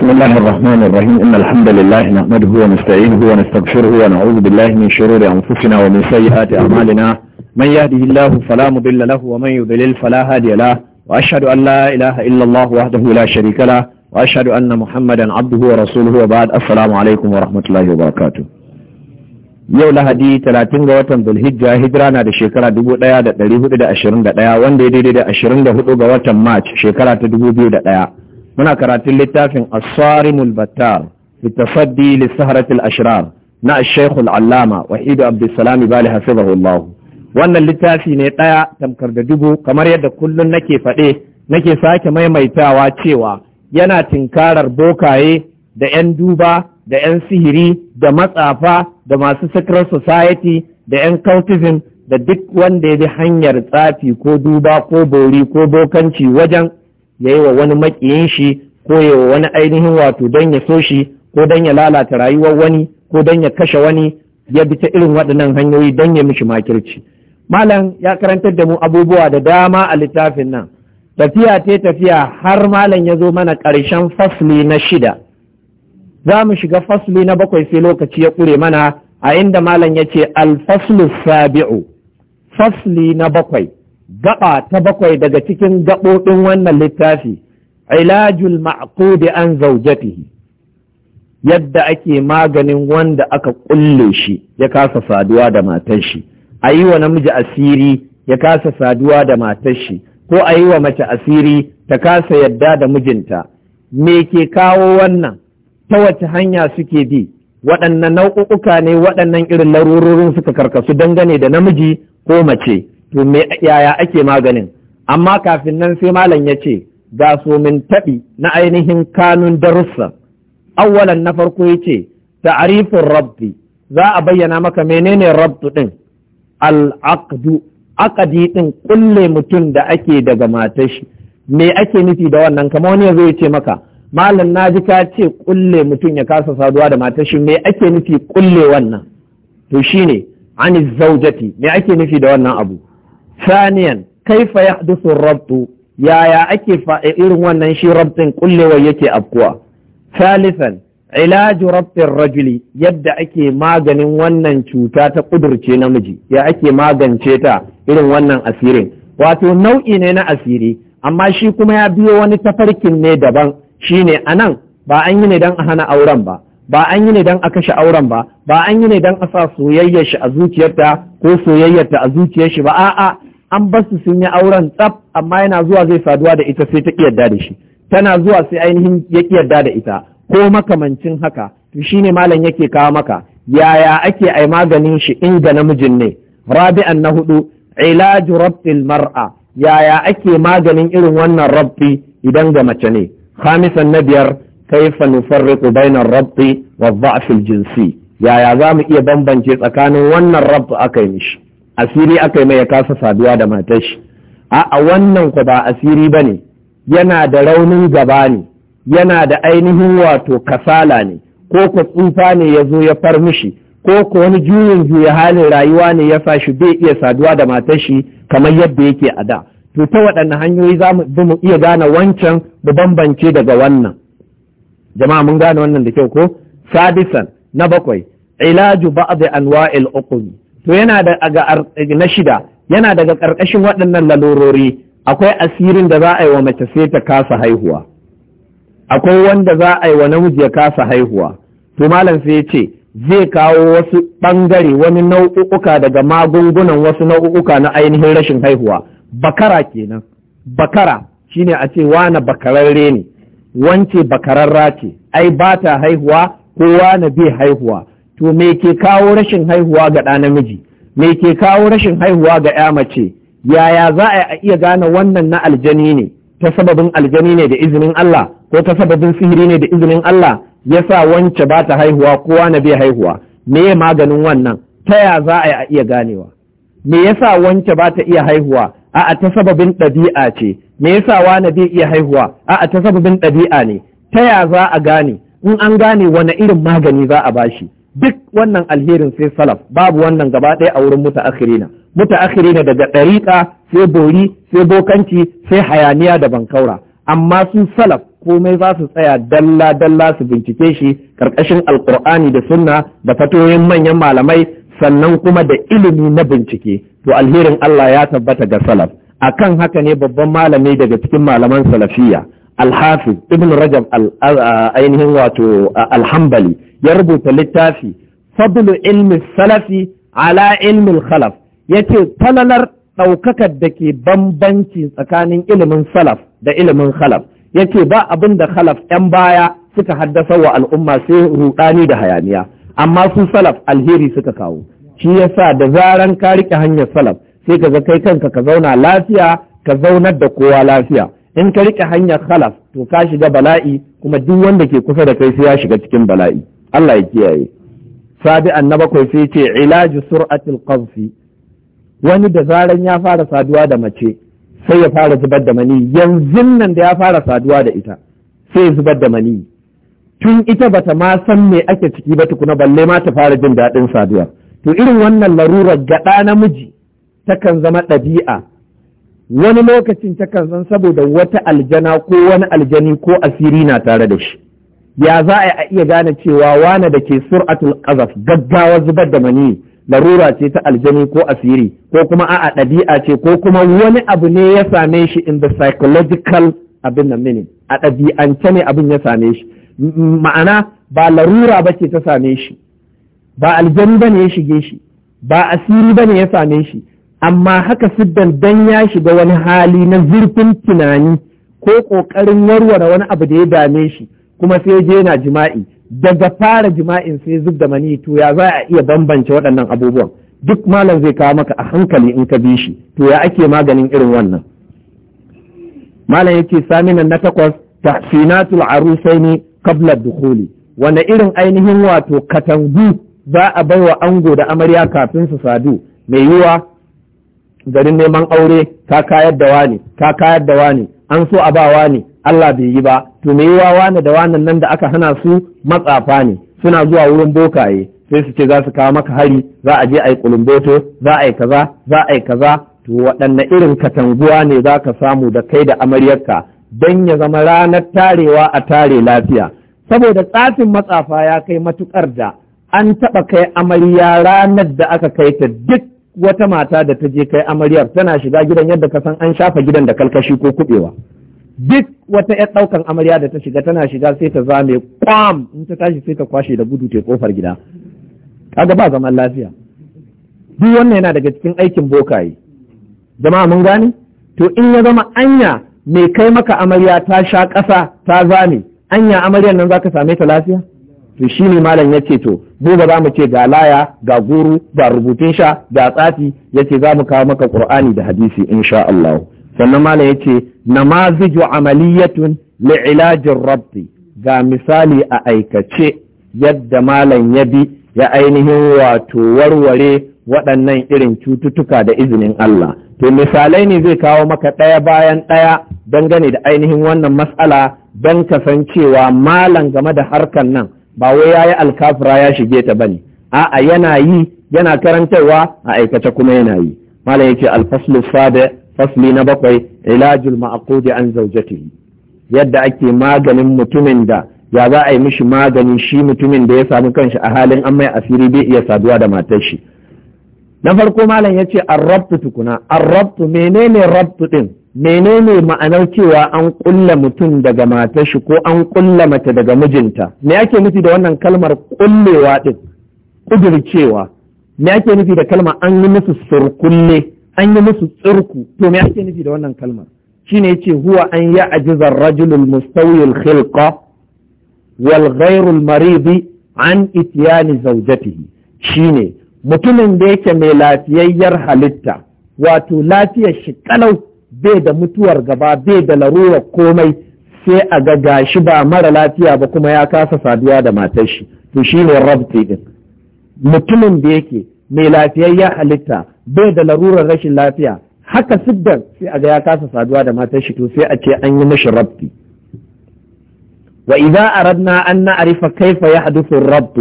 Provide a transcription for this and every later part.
بسم الله الرحمن الرحيم إن الحمد لله نحمده ونستعينه ونستغفره ونعوذ بالله من شرور أنفسنا ومن سيئات أعمالنا من يهده الله فلا مضل له ومن يضلل فلا هادي له وأشهد أن لا إله إلا الله وحده لا شريك له وأشهد أن محمدا عبده ورسوله وبعد السلام عليكم ورحمة الله وبركاته yau lahadi talatin ga watan zulhijja hijira na da shekara dubu ɗaya da ɗari hudu da ashirin da ɗaya wanda ya daidai da ashirin da hudu ga watan march shekara ta dubu biyu da ɗaya muna karatun littafin as-sarimul battar litasaddi Ashirar, ashrar na ash allama wahidu abdussalam bali hafizahullah wannan littafi ne ɗaya tamkar da dubu kamar yadda kullum nake faɗe nake sake maimaitawa cewa yana tinkarar bokaye da 'yan duba da 'yan sihiri da matsafa da masu secret society da 'yan cultism da duk wanda ya bi hanyar tsafi ko duba ko bori ko bokanci wajen ya yi wa wani maƙiyin shi ko ya wa wani ainihin wato don ya so shi ko don ya lalata rayuwar wani ko don ya kashe wani ya bi ta irin waɗannan hanyoyi don ya mishi makirci malam ya karantar da mu abubuwa da dama a littafin nan tafiya ta tafiya har malam ya zo mana ƙarshen fasli na shida za mu shiga fasli na bakwai sai lokaci ya ƙure mana a inda malam ya ce alfaslu sabi'u fasli na bakwai gaba ta bakwai daga cikin gaɓoɗin wannan littafi ilajul ma'qudi an zaujatihi yadda ake maganin wanda aka kulle shi ya kasa saduwa da matar shi a yi wa namiji asiri ya kasa saduwa da matar shi ko a yi wa mace asiri ta kasa yadda da mijinta me ke kawo wannan ta wace hanya suke bi waɗannan nau'uka ne waɗannan irin larururun suka karkasu dangane da namiji ko mace to me yaya ake maganin amma kafin nan sai malam ya ce ga min taɓi na ainihin kanun darussa awwalan na farko ya ce ta'arifin rabbi za a bayyana maka menene rabbi ɗin al'aqdu akadi ɗin kulle mutum da ake daga matar shi me ake nufi da wannan kama wani yanzu ya ce maka malam na ji ka ce kulle mutum ya kasa saduwa da matar shi me ake nufi kulle wannan to shine ani zaujati me ake nufi da wannan abu saniyan kaifa yahdusu rabtu yaya ake eh, irin wannan shi rabtin kullewa yake afkuwa salisan ilaju rabtin rajuli yadda ake maganin wannan cuta ta ƙudurce namiji ya ake magance ta irin wannan asirin wato nau'i ne na asiri amma shi kuma ya biyo wani tafarkin ne daban shine anan ba an yi ne don a hana auren ba ba an yi ne don a kashe auren ba ba an yi ne don a sa soyayyar shi a zuciyarta ko soyayyarta a zuciyar shi ba a'a an basu sun yi auren tsaf amma yana zuwa zai saduwa da ita sai ta kiyarda da shi tana zuwa sai ainihin ya kiyarda da ita ko makamancin haka to shine malam yake kawo maka yaya ake ai maganin shi inda namijin ne rabi'an na hudu ilaju rabbil mar'a yaya ake maganin irin wannan rabbi idan ga mace ne khamisan na biyar kaifa nufarriqu bainar rabbi wa dha'fil jinsi yaya za mu iya bambance tsakanin wannan rabb aka yi mishi asiri aka yi mai ya kasa saduwa da matar shi a wannan ku ba asiri ba ne yana da raunin gaba ne yana da ainihin wato kasala ne ko ku tsufa ne ya zo ya far mishi ko ku wani juyin juya halin rayuwa ne ya sa shi bai iya saduwa da matar kamar yadda yake a da to ta waɗanne hanyoyi za mu iya gane wancan mu bambance daga wannan jama'a mun gane wannan da kyau ko sadisan na bakwai ilaju ba'd anwa'il uku. to yana daga na shida yana daga ƙarƙashin waɗannan lalurori akwai asirin da za a yi wa mace sai ta kasa haihuwa akwai wanda za a yi wa namiji ya kasa haihuwa to malam sai ya ce zai kawo wasu ɓangare wani nau'uka daga magungunan wasu nau'uka na ainihin rashin haihuwa bakara kenan bakara shine a ce wane bakararre ne wance bakararra ce ai ba ta haihuwa ko wane bai haihuwa to me ke kawo rashin haihuwa ga ɗa namiji me ke kawo rashin haihuwa ga ya mace yaya za a iya gane wannan na aljani ne ta sababin aljani ne da izinin Allah ko ta sababin sihiri ne da izinin Allah Ya sa wance ba ta haihuwa kowa na bai haihuwa me maganin wannan ta ya za a iya ganewa me ya sa wance ba ta iya haihuwa a'a ta sababin ɗabi'a ce me ya yasa wani bai iya haihuwa a'a ta sababin ɗabi'a ne ta ya za a gane in an gane wani irin magani za a bashi duk wannan alherin sai salaf babu wannan gaba ɗaya a wurin mutaakhirina mutaakhirina daga ɗariƙa sai bori sai bokanci sai hayaniya da bankaura amma su salaf komai za su tsaya dalla dalla su bincike shi karkashin alkur'ani da sunna da fatoyin manyan malamai sannan kuma da ilimi na bincike to alherin Allah ya tabbata ga salaf akan haka ne babban malami daga cikin malaman salafiyya. alhafi ibn rajab ainihin wato alhambali ya rubuta littafi fadlu ilmi salafi ala ilmin khalaf yace falalar ɗaukakar da ke bambanci tsakanin ilimin salaf da ilimin khalaf yace ba abin da khalaf 'yan baya suka haddasa wa al'umma sai ruɗani da hayaniya amma su salaf alheri suka kawo shi yasa da zaran ka riƙe hanyar salaf sai ka ga kai kanka ka zauna lafiya ka zaunar da kowa lafiya in ka rike hanyar khalaf to ka shiga bala'i kuma duk wanda ke kusa da kai sai ya shiga cikin bala'i Allah ya kiyaye sabi'an na bakwai sai ce ilaji sur'atil qazfi wani da zaran ya fara saduwa da mace sai ya fara zubar da mani yanzu nan da ya fara saduwa da ita sai ya zubar da mani tun ita bata ma san me ake ciki ba tukuna balle ma ta fara jin daɗin saduwa to irin wannan larurar gaɗa namiji takan zama ɗabi'a wani lokacin takan san saboda wata aljana ko wani aljani ko asiri na tare da shi ya za a iya gane cewa wane da ke sur'atul qazaf gaggawa zubar da mani larura ce ta aljani ko asiri ko kuma a'a ɗabi'a ce ko kuma wani abu ne ya same shi in the psychological abin nan mini a ɗabi'ance ne abin ya same shi ma'ana ba larura ba ce ta same shi ba aljani ba ne ya shige shi ba asiri ba ne ya same shi amma haka siddan dan ya shiga wani hali na zurfin tunani ko ƙoƙarin warware wani abu da ya dame shi kuma sai je yana jima'i daga fara jima'in sai zub da mani to ya za a iya bambance waɗannan abubuwan duk malam zai kawo maka a hankali in ka bi shi to ya ake maganin irin wannan malam yake saminan na takwas tahsinatul arusaini qabla dukhuli wanda irin ainihin wato katangu za a baiwa ango da amarya kafin su sadu mai yiwa garin neman aure ta kayar da wani Ta kayar da wani an so a ba wani Allah bai yi ba to me yawa wani da wani nan da aka hana su matsafa ne suna zuwa wurin bokaye sai su ce za su kawo maka hari za a je a yi kulumboto za a yi kaza za a yi kaza to waɗanne irin katanguwa ne za ka samu da kai da amaryarka don ya zama ranar tarewa a tare lafiya saboda tsafin matsafa ya kai matukar da an taɓa kai amarya ranar da aka kai ta duk wata mata da ta je kai amaryar tana shiga gidan yadda ka san an shafa gidan da kalkashi ko kuɓewa. duk wata yar ɗaukan amarya da ta shiga tana shiga sai ta zame kwam in ta tashi sai ta kwashe da gudu ta kofar gida kaga ba zaman lafiya duk wannan yana daga cikin aikin bokaye jama'a mun gane to in ya zama anya mai kai maka amarya ta sha ƙasa ta zame anya amaryar nan zaka same ta lafiya to shi ne malam ya ce to gobe za mu ce ga laya ga guru ga rubutun sha ga tsafi ya ce za mu kawo maka qur'ani da hadisi insha Allah sannan malam ya ce namaziju amaliyatun li ilajin rabbi ga misali a aikace yadda malam ya bi ya ainihin wato warware waɗannan irin cututtuka da izinin Allah to misalai ne zai kawo maka ɗaya bayan ɗaya dangane da ainihin wannan matsala don kasancewa malam game da harkan nan ba wai ya yi alkafira ya shige ta bane a'a yana yi yana karantarwa a aikace kuma yana yi malam yake alfaslu sada fasli na bakwai ilajul ma'qudi an zawjatihi yadda ake maganin mutumin da ya za a yi mishi maganin shi mutumin da ya samu kanshi a halin an mai asiri bai iya saduwa da matar shi na farko malam yace arrabtu tukuna arrabtu menene rabtu din menene ma'anar cewa an ƙulla mutum daga matar shi ko an ƙulla mace daga mijinta me ake nufi da wannan kalmar ƙullewa ɗin ƙudircewa me ake nufi da kalmar an yi musu surkulle an yi musu tsirku to me ake nufi da wannan kalmar shine yace huwa an ya ajizar rajulul mustawil khilqa wal ghairul maridi an ityani zawjatihi shine mutumin da yake mai lafiyayyar halitta wato lafiyar shi kalau bai da mutuwar gaba bai da larurar komai sai a ga gashi ba mara lafiya ba kuma ya kasa saduwa da matar shi to ne rabti din mutumin da yake mai lafiyayya halitta bai da larurar rashin lafiya haka siddan sai a ga ya kasa saduwa da matar shi to sai a ce an yi mishi rabti wa idza aradna an na na'rifa kaifa yahduthu ar-rabt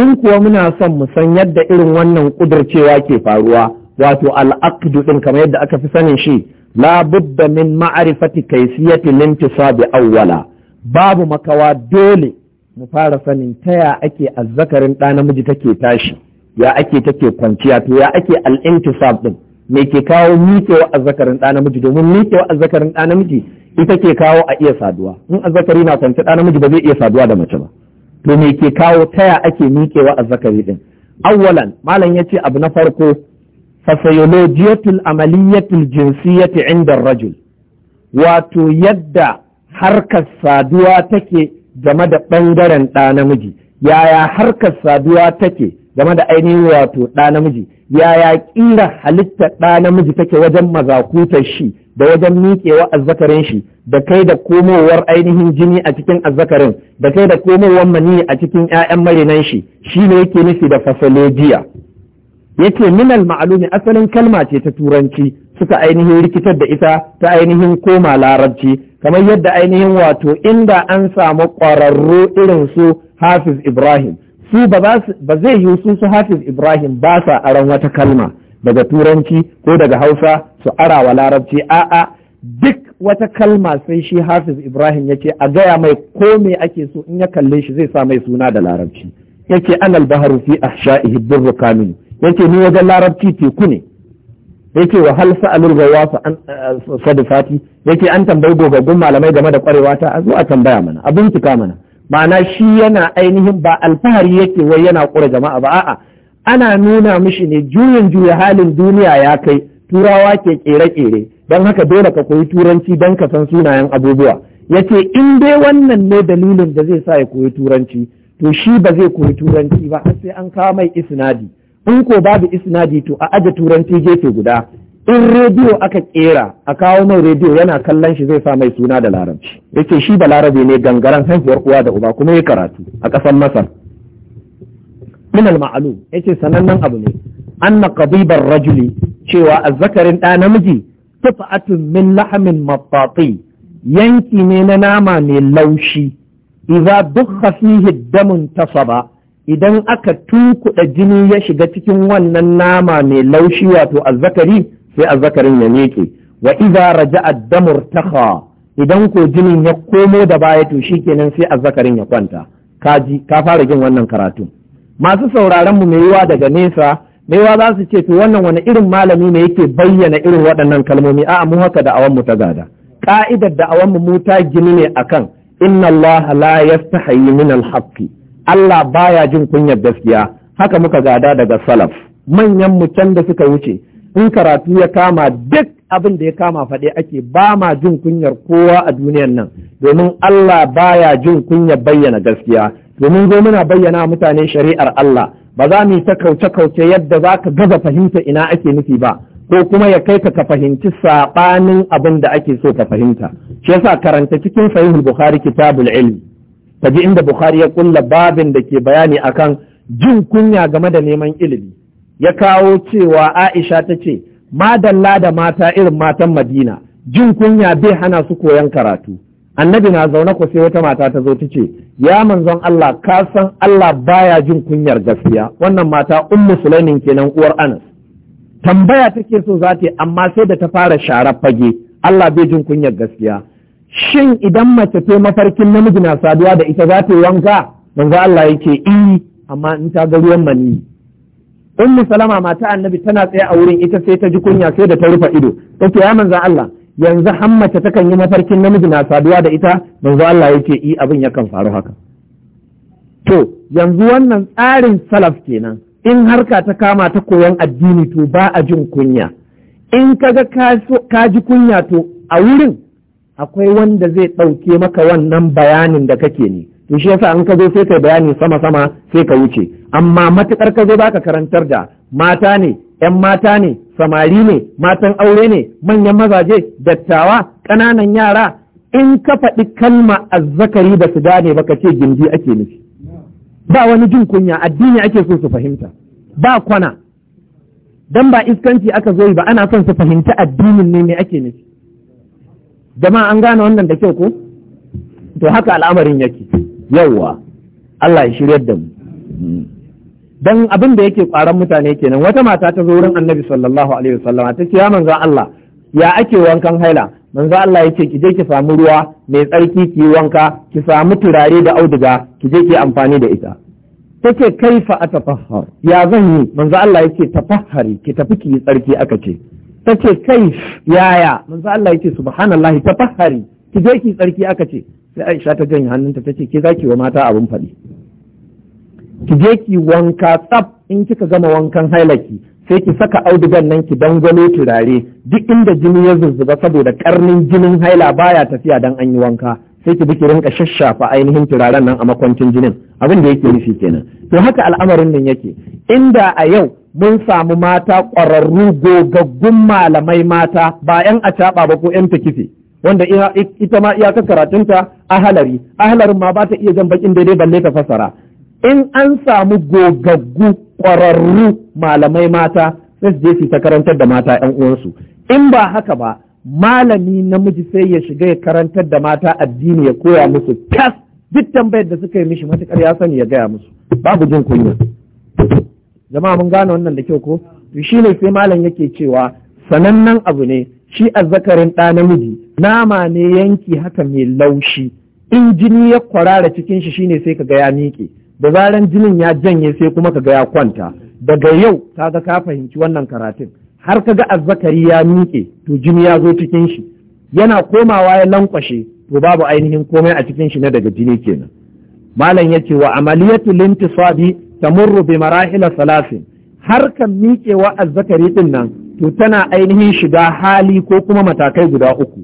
in kuwa muna son mu san yadda irin wannan kudurcewa ke faruwa wato al-aqd din kamar yadda aka fi sanin shi la budda min ma'rifati kaysiyati lintisabi awwala babu makawa dole mu fara sanin ta ya ake azzakarin ɗa namiji take tashi ya ake take kwanciya to ya ake al'intisab din me ke kawo miƙewa azzakarin ɗa namiji domin miƙewa azzakarin ɗa namiji ita ke kawo a iya saduwa in azzakari na kwance ɗa namiji ba zai iya saduwa da mace ba to me ke kawo ta ya ake miƙewa azzakari din awwalan malam ce abu na farko fasayolojiyatul amaliyatul jinsiyyati inda rajul wato yadda harkar saduwa take game da ɓangaren ɗa namiji yaya harkar saduwa take game da ainihin wato ɗa namiji yaya ƙira halittar ɗa namiji take wajen mazakutar shi da wajen miƙewa azzakarin shi da kai da komowar ainihin jini a cikin azzakarin da kai da komowar mani a cikin 'ya'yan marinan shi shi ne yake nufi da fasolojiya yace minal ma'alumi asalin kalma ce ta turanci suka ainihin rikitar da ita ta ainihin koma larabci kamar yadda ainihin wato inda an samu ƙwararru irin su hafiz ibrahim su ba zai yi su su hafiz ibrahim ba sa aron wata kalma daga turanci ko daga hausa su ara wa larabci a'a duk wata kalma sai shi hafiz ibrahim ya ce a gaya mai ko me ake so in ya kalle shi zai sa mai suna da larabci yake anal baharu fi ahsha'ihi birru kaminu yace ni wajen larabci teku ne yake wa hal sa'alul gawasu an eh, eh, sadifati yace an tambayi gogaggun malamai game da kwarewa ta a zuwa tambaya mana a bincika mana ma'ana shi yana ainihin ba alfahari yake wai yana kura jama'a ba a'a ana nuna mishi ne juyin juya halin duniya ya kai turawa ke kere-kere don haka dole ka koyi turanci don ka san sunayen abubuwa yace in dai wannan ne dalilin da zai sa ya koyi turanci to shi ba zai koyi turanci ba sai an kama mai isnadi in ko babu isnadi to a aje turanci gefe guda in rediyo aka kera a kawo mai rediyo yana kallon shi zai sa mai suna da larabci yace shi da larabe ne gangaren haihuwar uwa da uba kuma ya karatu a ƙasar masar min al ma'lum yace sanannen abu ne anna qadibar rajuli cewa azzakarin ɗa namiji tufa'atun min lahamin mattati yanki ne na nama mai laushi idza dukha fihi damun tasaba idan aka tukuɗa jini ya shiga cikin wannan nama mai laushi wato azzakari sai azzakarin ya miƙe wa Raja raja'a damur taha idan ko jinin ya komo da baya to shikenan sai azzakarin ya kwanta kaji ka fara jin wannan karatu masu sauraron mu mai yiwa daga nesa mai yiwa za su ce to wannan wani irin malami ne yake bayyana irin waɗannan kalmomi a'a mu haka da awan mu ta gada ka'idar da awan mu ta gini ne akan inna allaha la yastahi min al-haqqi Allah baya jin kunyar gaskiya haka muka gada daga salaf manyan mu can da suka wuce in karatu ya kama duk abin da ya kama faɗe ake ba ma jin kunyar kowa a duniyar nan domin Allah baya jin kunyar bayyana gaskiya domin zo muna bayyana mutane shari'ar Allah ba za mu yi ta kauce-kauce yadda za ka gaza fahimta ina ake nufi ba ko kuma ya kai ka ka fahimci saɓanin abin da ake so ka fahimta shi yasa karanta cikin sahihul bukhari kitabul ilmi ka ji inda bukhari ya kulla babin da ke bayani akan jin kunya game da neman ilimi ya kawo cewa aisha ta ce madalla da mata irin matan madina jin kunya bai hana su koyan karatu annabi na zaune ku sai wata mata ta zo ta ce ya manzon Allah ka san Allah baya jin kunyar gaskiya wannan mata ummu sulaimin kenan uwar anas tambaya take so za ta amma sai da ta fara sharar fage Allah bai jin kunyar gaskiya shin idan mace ta mafarkin namiji na saduwa da ita za ta yi wanka manzo Allah yake yi. Eh, amma in ta ga ruwan mani ummu salama mata annabi tana tsaye a wurin ita sai ta ji kunya sai da ta rufe ido take ya manzo Allah yanzu ta kan yi mafarkin namiji na saduwa da ita manzo Allah yake i eh, abin yakan faru haka to yanzu wannan tsarin salaf kenan in harka ta kama ta koyon addini to ba a jin kunya in kaga ka ji kunya to a wurin akwai wanda zai ɗauke maka wannan bayanin da kake ne to shi yasa in ka zo sai kai bayani sama sama sai ka wuce amma matukar ka zo ba ka karantar da mata ne yan mata ne samari ne matan aure ne manyan mazaje dattawa ƙananan yara in ka faɗi kalma azzakari ba su gane ba ka ce gindi ake nufi ba wani jin kunya addini ake so su fahimta ba kwana dan ba iskanci aka zo ba ana son su fahimci addinin ne me ake nufi jama'a an gane wannan da kyau ko to haka al'amarin yake yauwa Allah ya shiryar da mu dan abin da yake kwaran mutane kenan wata mata ta zo wurin Annabi sallallahu alaihi wasallam ta ce ya Allah ya ake wankan haila manzo Allah yake ki je ki samu ruwa mai tsarki ki wanka ki samu turare da auduga ki je ki amfani da ita take kaifa atafahhar ya zan yi manzo Allah yake tafahari ki tafi ki tsarki aka ce ta ce kai yaya manzo Allah ya ce subhanallahi tafahari ki je ki tsarki aka ce sai Aisha ta janye hannunta ta ce ke zaki wa mata abin faɗi ki je ki wanka tsaf in kika gama wankan hailaki sai ki saka audugan nan ki dangwalo turare duk inda jini ya zuzzuba saboda karnin jinin haila baya tafiya dan an yi wanka sai ki biki rinka shashafa ainihin turaren nan a makwancin jinin abin da yake nufi kenan to haka al'amarin nan yake inda a yau mun samu mata ƙwararru gogaggun malamai mata ba 'yan acaɓa ba ko 'yan ta kife, wanda ita ma iyaka karatunta ahalari ahalarin ma ba ta iya jan bakin daidai balle ta fasara in an samu gogaggu ƙwararru malamai mata sai su je su ta karantar da mata 'yan uwansu in ba haka ba malami namiji sai ya shiga ya karantar da mata addini ya koya musu tas duk tambayar da suka yi mishi matukar ya sani ya gaya musu babu jin kunya jama'a mun gane wannan da kyau ko Shi ne sai malam yake cewa sanannen abu ne shi azzakarin ɗa namiji nama ne yanki haka mai laushi in jini ya kwarara cikin shi shine sai kaga ya miƙe da zaran jinin ya janye sai kuma kaga ya kwanta daga yau ga ka fahimci wannan karatun har ka ga azzakari ya miƙe to jini ya zo cikin shi yana komawa ya lankwashe to babu ainihin komai a cikin shi na daga jini kenan malam ce wa amaliyatu lintisabi tamurru bi marahil salasin harkan miƙewa azzakari din nan to tana ainihin shiga hali ko kuma matakai guda uku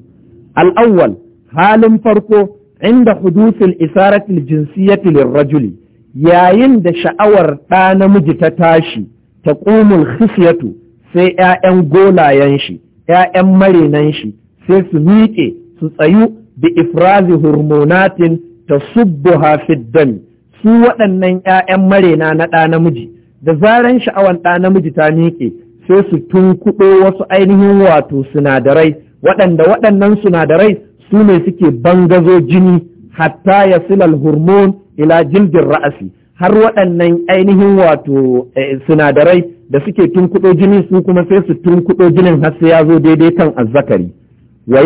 al-awwal halin farko inda hudusul isaratil jinsiyyati lirrajuli yayin da sha'awar ɗa namiji ta tashi ta ƙumul khisyatu sai 'ya'yan golayen shi 'ya'yan marinan shi sai su miƙe su tsayu bi ifrazi hormonatin ta subbo fiddan su waɗannan 'ya'yan marena na ɗa namiji da zaran sha'awan ɗa namiji ta miƙe sai su tunkuɗo wasu ainihin wato sinadarai waɗanda waɗannan sinadarai su ne suke bangazo jini hatta ya silal hormon ila jildin ra'asi har waɗannan ainihin wato eh, sinadarai da suke tunkuɗo jini su kuma sai su tunkuɗo jinin har sai ya zo daidai kan azzakari wa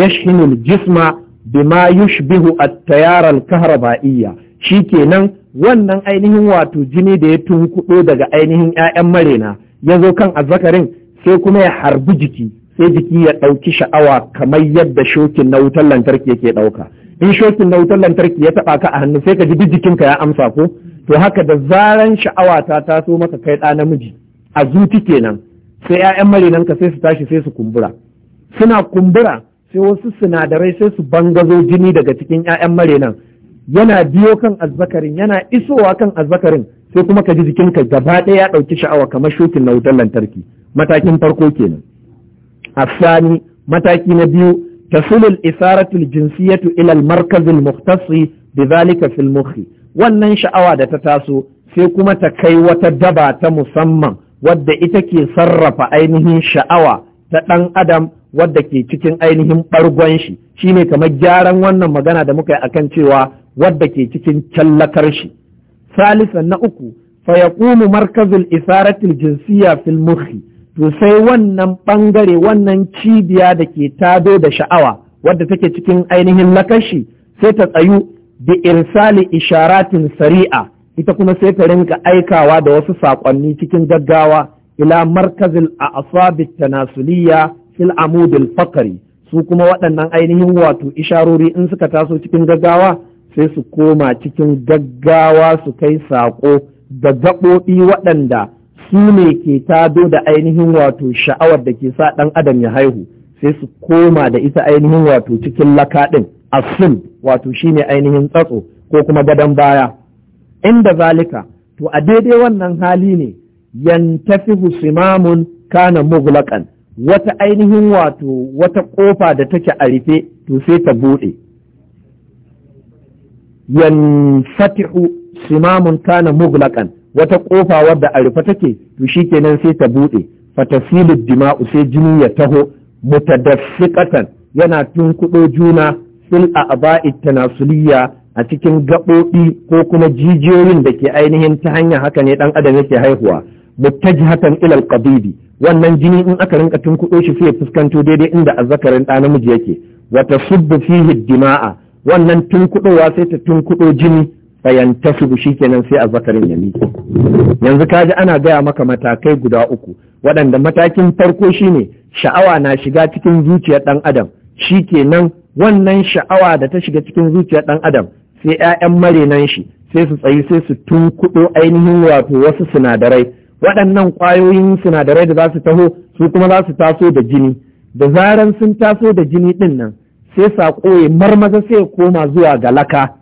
jisma bima yushbihu at-tayar al-kahraba'iyya shikenan wannan ainihin wato jini da ya tunkuɗo daga ainihin ƴaƴan marena ya zo kan azzakarin sai kuma ya harbi jiki sai jiki ya ɗauki sha'awa kamar yadda shokin na wutar lantarki yake ɗauka in shokin na wutar lantarki ya taɓa ka a hannu sai ka ji duk jikinka ya amsa ko to haka da zaran sha'awa ta taso maka kai ɗa namiji a zuci kenan sai 'ya'yan ka sai su tashi sai su kumbura suna kumbura sai wasu sinadarai sai su bangazo jini daga cikin 'ya'yan marinan yana biyo kan azzakarin yana isowa kan azzakarin sai kuma ka ji jikinka gaba ɗaya ya ɗauki sha'awa kamar shukin na wutar lantarki matakin farko kenan asani mataki na biyu tasulul isaratul jinsiyatu ila al markaz al muhtasi bidhalika fil mukhi wannan sha'awa da ta taso sai kuma ta kai wata daba ta musamman wadda ita ke sarrafa ainihin sha'awa ta ɗan adam wadda ke cikin ainihin ɓargon shi shine kamar gyaran wannan magana da muka yi akan cewa wadda ke cikin callakar shi na uku fayaƙumu markazul isaratil jinsiya fil mukhi to sai wannan ɓangare wannan cibiya da ke tado da sha'awa wadda take cikin ainihin lakashi sai ta tsayu bi irsali isharatin sari'a ita kuma sai ta rinka aikawa da wasu saƙonni cikin gaggawa ila markazil a asabit tanasuliya fil amudil fakari su kuma waɗannan ainihin wato isharori in suka taso cikin gaggawa sai su koma cikin gaggawa su kai saƙo da gaɓoɓi waɗanda su ne ke tado da ainihin wato sha'awar da ke sa ɗan adam ya haihu sai su koma da ita ainihin wato cikin laka ɗin asul wato shi ne ainihin tsatso ko kuma gadon baya inda zalika to a daidai wannan hali ne yantafi simamun kana mughlaqan wata ainihin wato wata ƙofa da take a rufe to sai ta bude yanfatihu simamun kana mughlaqan wata kofa wadda a rufe take to shikenan sai ta bude fatasilu dima'u sai jini ya taho mutadaffiqatan yana tun kuɗo juna fil a'ba'i tanasuliyya a cikin gaɓoɓi ko kuma jijiyoyin da ke ainihin ta hanya haka ne ɗan adam yake haihuwa muttaji hakan ilal qabidi wannan jini in aka rinka tunkuɗo shi sai fuskanto daidai inda azzakarin ɗa namiji yake wata subbu fihi dima'a wannan tunkuɗowa sai ta tunkuɗo jini bayan ta subu kenan sai azzakarin ya miƙe yanzu kaji ana gaya maka matakai guda uku waɗanda matakin farko shine sha'awa na shiga cikin zuciyar ɗan adam shi kenan wannan sha'awa da ta shiga cikin zuciyar ɗan adam sai 'ya'yan marenan shi sai su tsayi sai su tunkuɗo ainihin wato wasu sinadarai waɗannan ƙwayoyin sinadarai da za su taho su kuma za su taso da jini da zaran sun taso da jini ɗin nan sai saƙo ya marmaza sai koma zuwa ga laka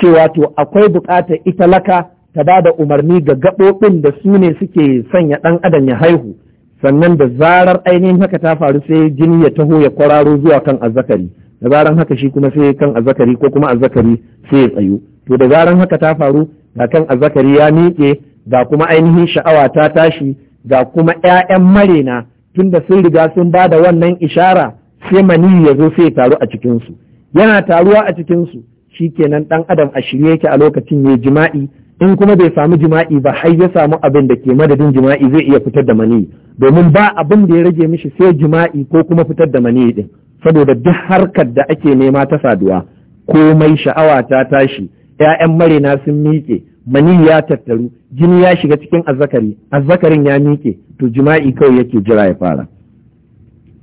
cewa to akwai buƙatar ita laka ta ba da umarni ga gaɓoɓin da su ne suke sanya ɗan adam ya haihu sannan da zarar ainihin haka ta faru sai jini ya taho ya kwararo zuwa kan azzakari da zarar haka shi kuma sai kan azzakari ko kuma azzakari sai ya tsayu to da zarar haka ta faru ga kan azzakari ya miƙe ga kuma ainihin sha'awa ta tashi ga kuma 'ya'yan marena tunda sun riga sun ba da wannan ishara sai mani ya zo sai taru a cikinsu yana taruwa a cikinsu Shi kenan ɗan adam a shirye yake a lokacin ya jima'i in kuma bai samu jima'i ba har ya samu abin da ke madadin jima'i zai iya fitar da mani domin ba abin da ya rage mishi sai jima'i ko kuma fitar da mani din saboda duk harkar da ake nema ta saduwa komai sha'awa ta tashi ƴaƴan marena sun miƙe mani ya tattaru jini ya shiga cikin azzakari azzakarin ya miƙe to jima'i kawai yake jira ya fara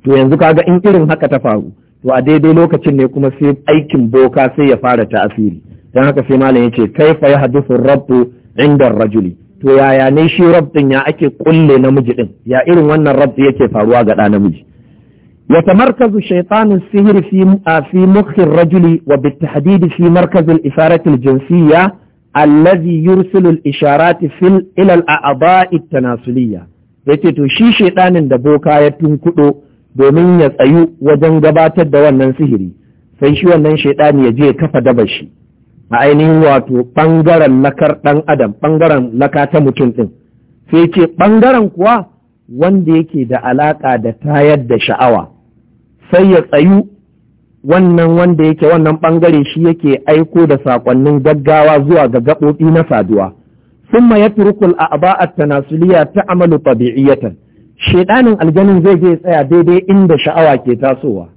to yanzu kaga in irin haka ta faru to a daidai lokacin ne kuma sai aikin boka sai ya fara ta asiri. dan haka sai malam yace kaifa yahduthu rabtu inda rajuli to yaya ne shi rabtin ya ake kulle namiji din ya irin wannan rabbi yake faruwa ga da namiji يتمركز شيطان السهر في في مخ الرجل وبالتحديد في مركز الإثارة الجنسية الذي fil الإشارات في إلى الأعضاء التناسلية yace to shi shaiɗanin da boka ya tunkuɗo domin ya tsayu wajen gabatar da wannan sihiri sai shi wannan shaidani ya je ya kafa dabashi a ainihin wato ɓangaren lakar ɗan adam ɓangaren laka ta mutum ɗin sai ce ɓangaren kuwa wanda yake da alaƙa da tayar da sha'awa sai ya tsayu wannan wanda yake wannan ɓangare shi yake aiko da saƙonnin gaggawa zuwa ga gaɓoɓi na saduwa ثم يترك الأعضاء التناسلية تعمل طبيعية شيطان الجنين zai je tsaya daidai inda sha'awa ke tasowa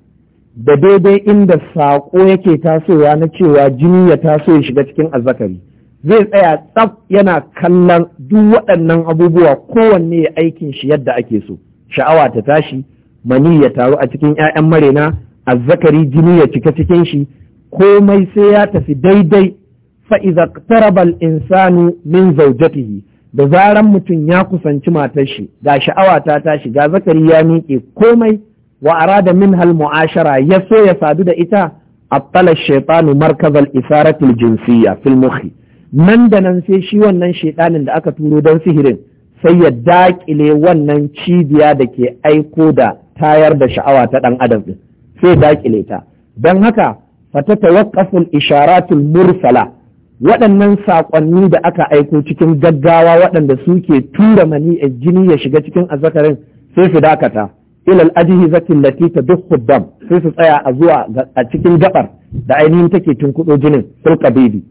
da daidai inda saƙo yake tasowa na cewa jini ya taso ya shiga cikin azzakari zai tsaya tsaf yana kallon duk waɗannan abubuwa kowanne ya aikin shi yadda ake so sha'awa ta tashi mani ya taru a cikin 'ya'yan marena azzakari jini ya cika cikin shi komai sai ya tafi daidai fa'iza tarabal insanu min zaujatihi da zaran mutum ya kusanci matar shi ga sha'awa ta tashi ga zakari ya miƙe komai wa arada min hal muashara so ya sadu da ita attala shaytanu markaz al-isarati al-jinsiyya fil mukhi nan da nan sai shi wannan shaytanin da aka turo don sihirin sai ya dakile wannan cibiya da ke aiko da tayar da sha'awa ta dan adam din sai dakile ta don haka fata tawaqqafu al al-mursala waɗannan saƙonni da aka aiko cikin gaggawa waɗanda suke tura mani jini ya shiga cikin azzakarin sai su dakata ilal zakin lati duk huddam sai su tsaya a zuwa a cikin gabar da ainihin take tunkudo jinin sulka baby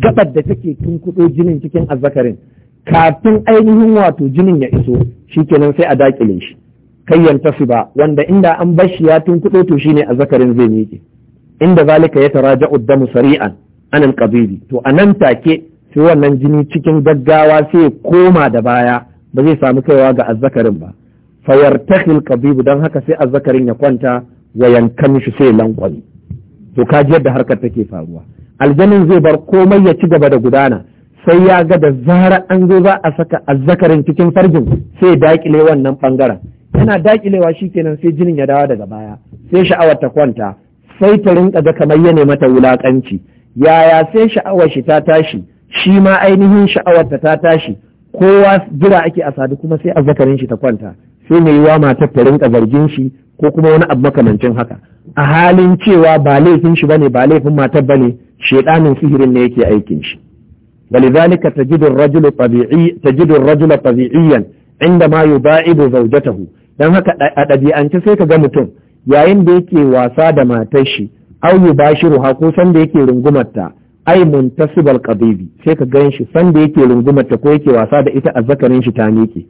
gabar da take tunkudo jinin cikin azzakarin kafin ainihin wato jinin ya iso shikenan sai a dakile shi kayyan tafi ba wanda inda an shi ya tunkudo to shine azzakarin zai miƙe inda zalika ya taraja'u damu sari'an anan qabidi to anan take sai wannan jini cikin gaggawa sai ya koma da baya ba zai samu kaiwa ga azzakarin ba fayartakhil kabibu dan haka sai azzakarin ya kwanta wa yankamishi sai lankwani to ka ji yadda harkar take faruwa aljanin zai bar komai ya ci gaba da gudana sai ya ga da zara an zo za a saka azzakarin cikin farjin sai dakile wannan bangaren yana dakilewa shikenan sai jinin ya dawo daga baya sai sha'awar ta kwanta sai ta rinka ga kamar ya mata wulakanci yaya sai sha'awar shi ta tashi shi ma ainihin sha'awar ta tashi kowa jira ake a sadu kuma sai azzakarin shi ta kwanta sai mai yiwa matar ta rinka zargin shi ko kuma wani abu makamancin haka a halin cewa ba laifin shi bane ba laifin matar bane shedanin sihirin ne yake aikin shi ولذلك تجد الرجل طبيعي rajul tabi'iyan inda ma يباعد zawjatahu dan haka a ɗabi'ance sai ka ga mutum yayin da yake wasa da matar shi au ha ko san da yake ta, ai muntasibal qadibi sai ka gan shi san da yake ta, ko yake wasa da ita azzakarin shi ta miƙe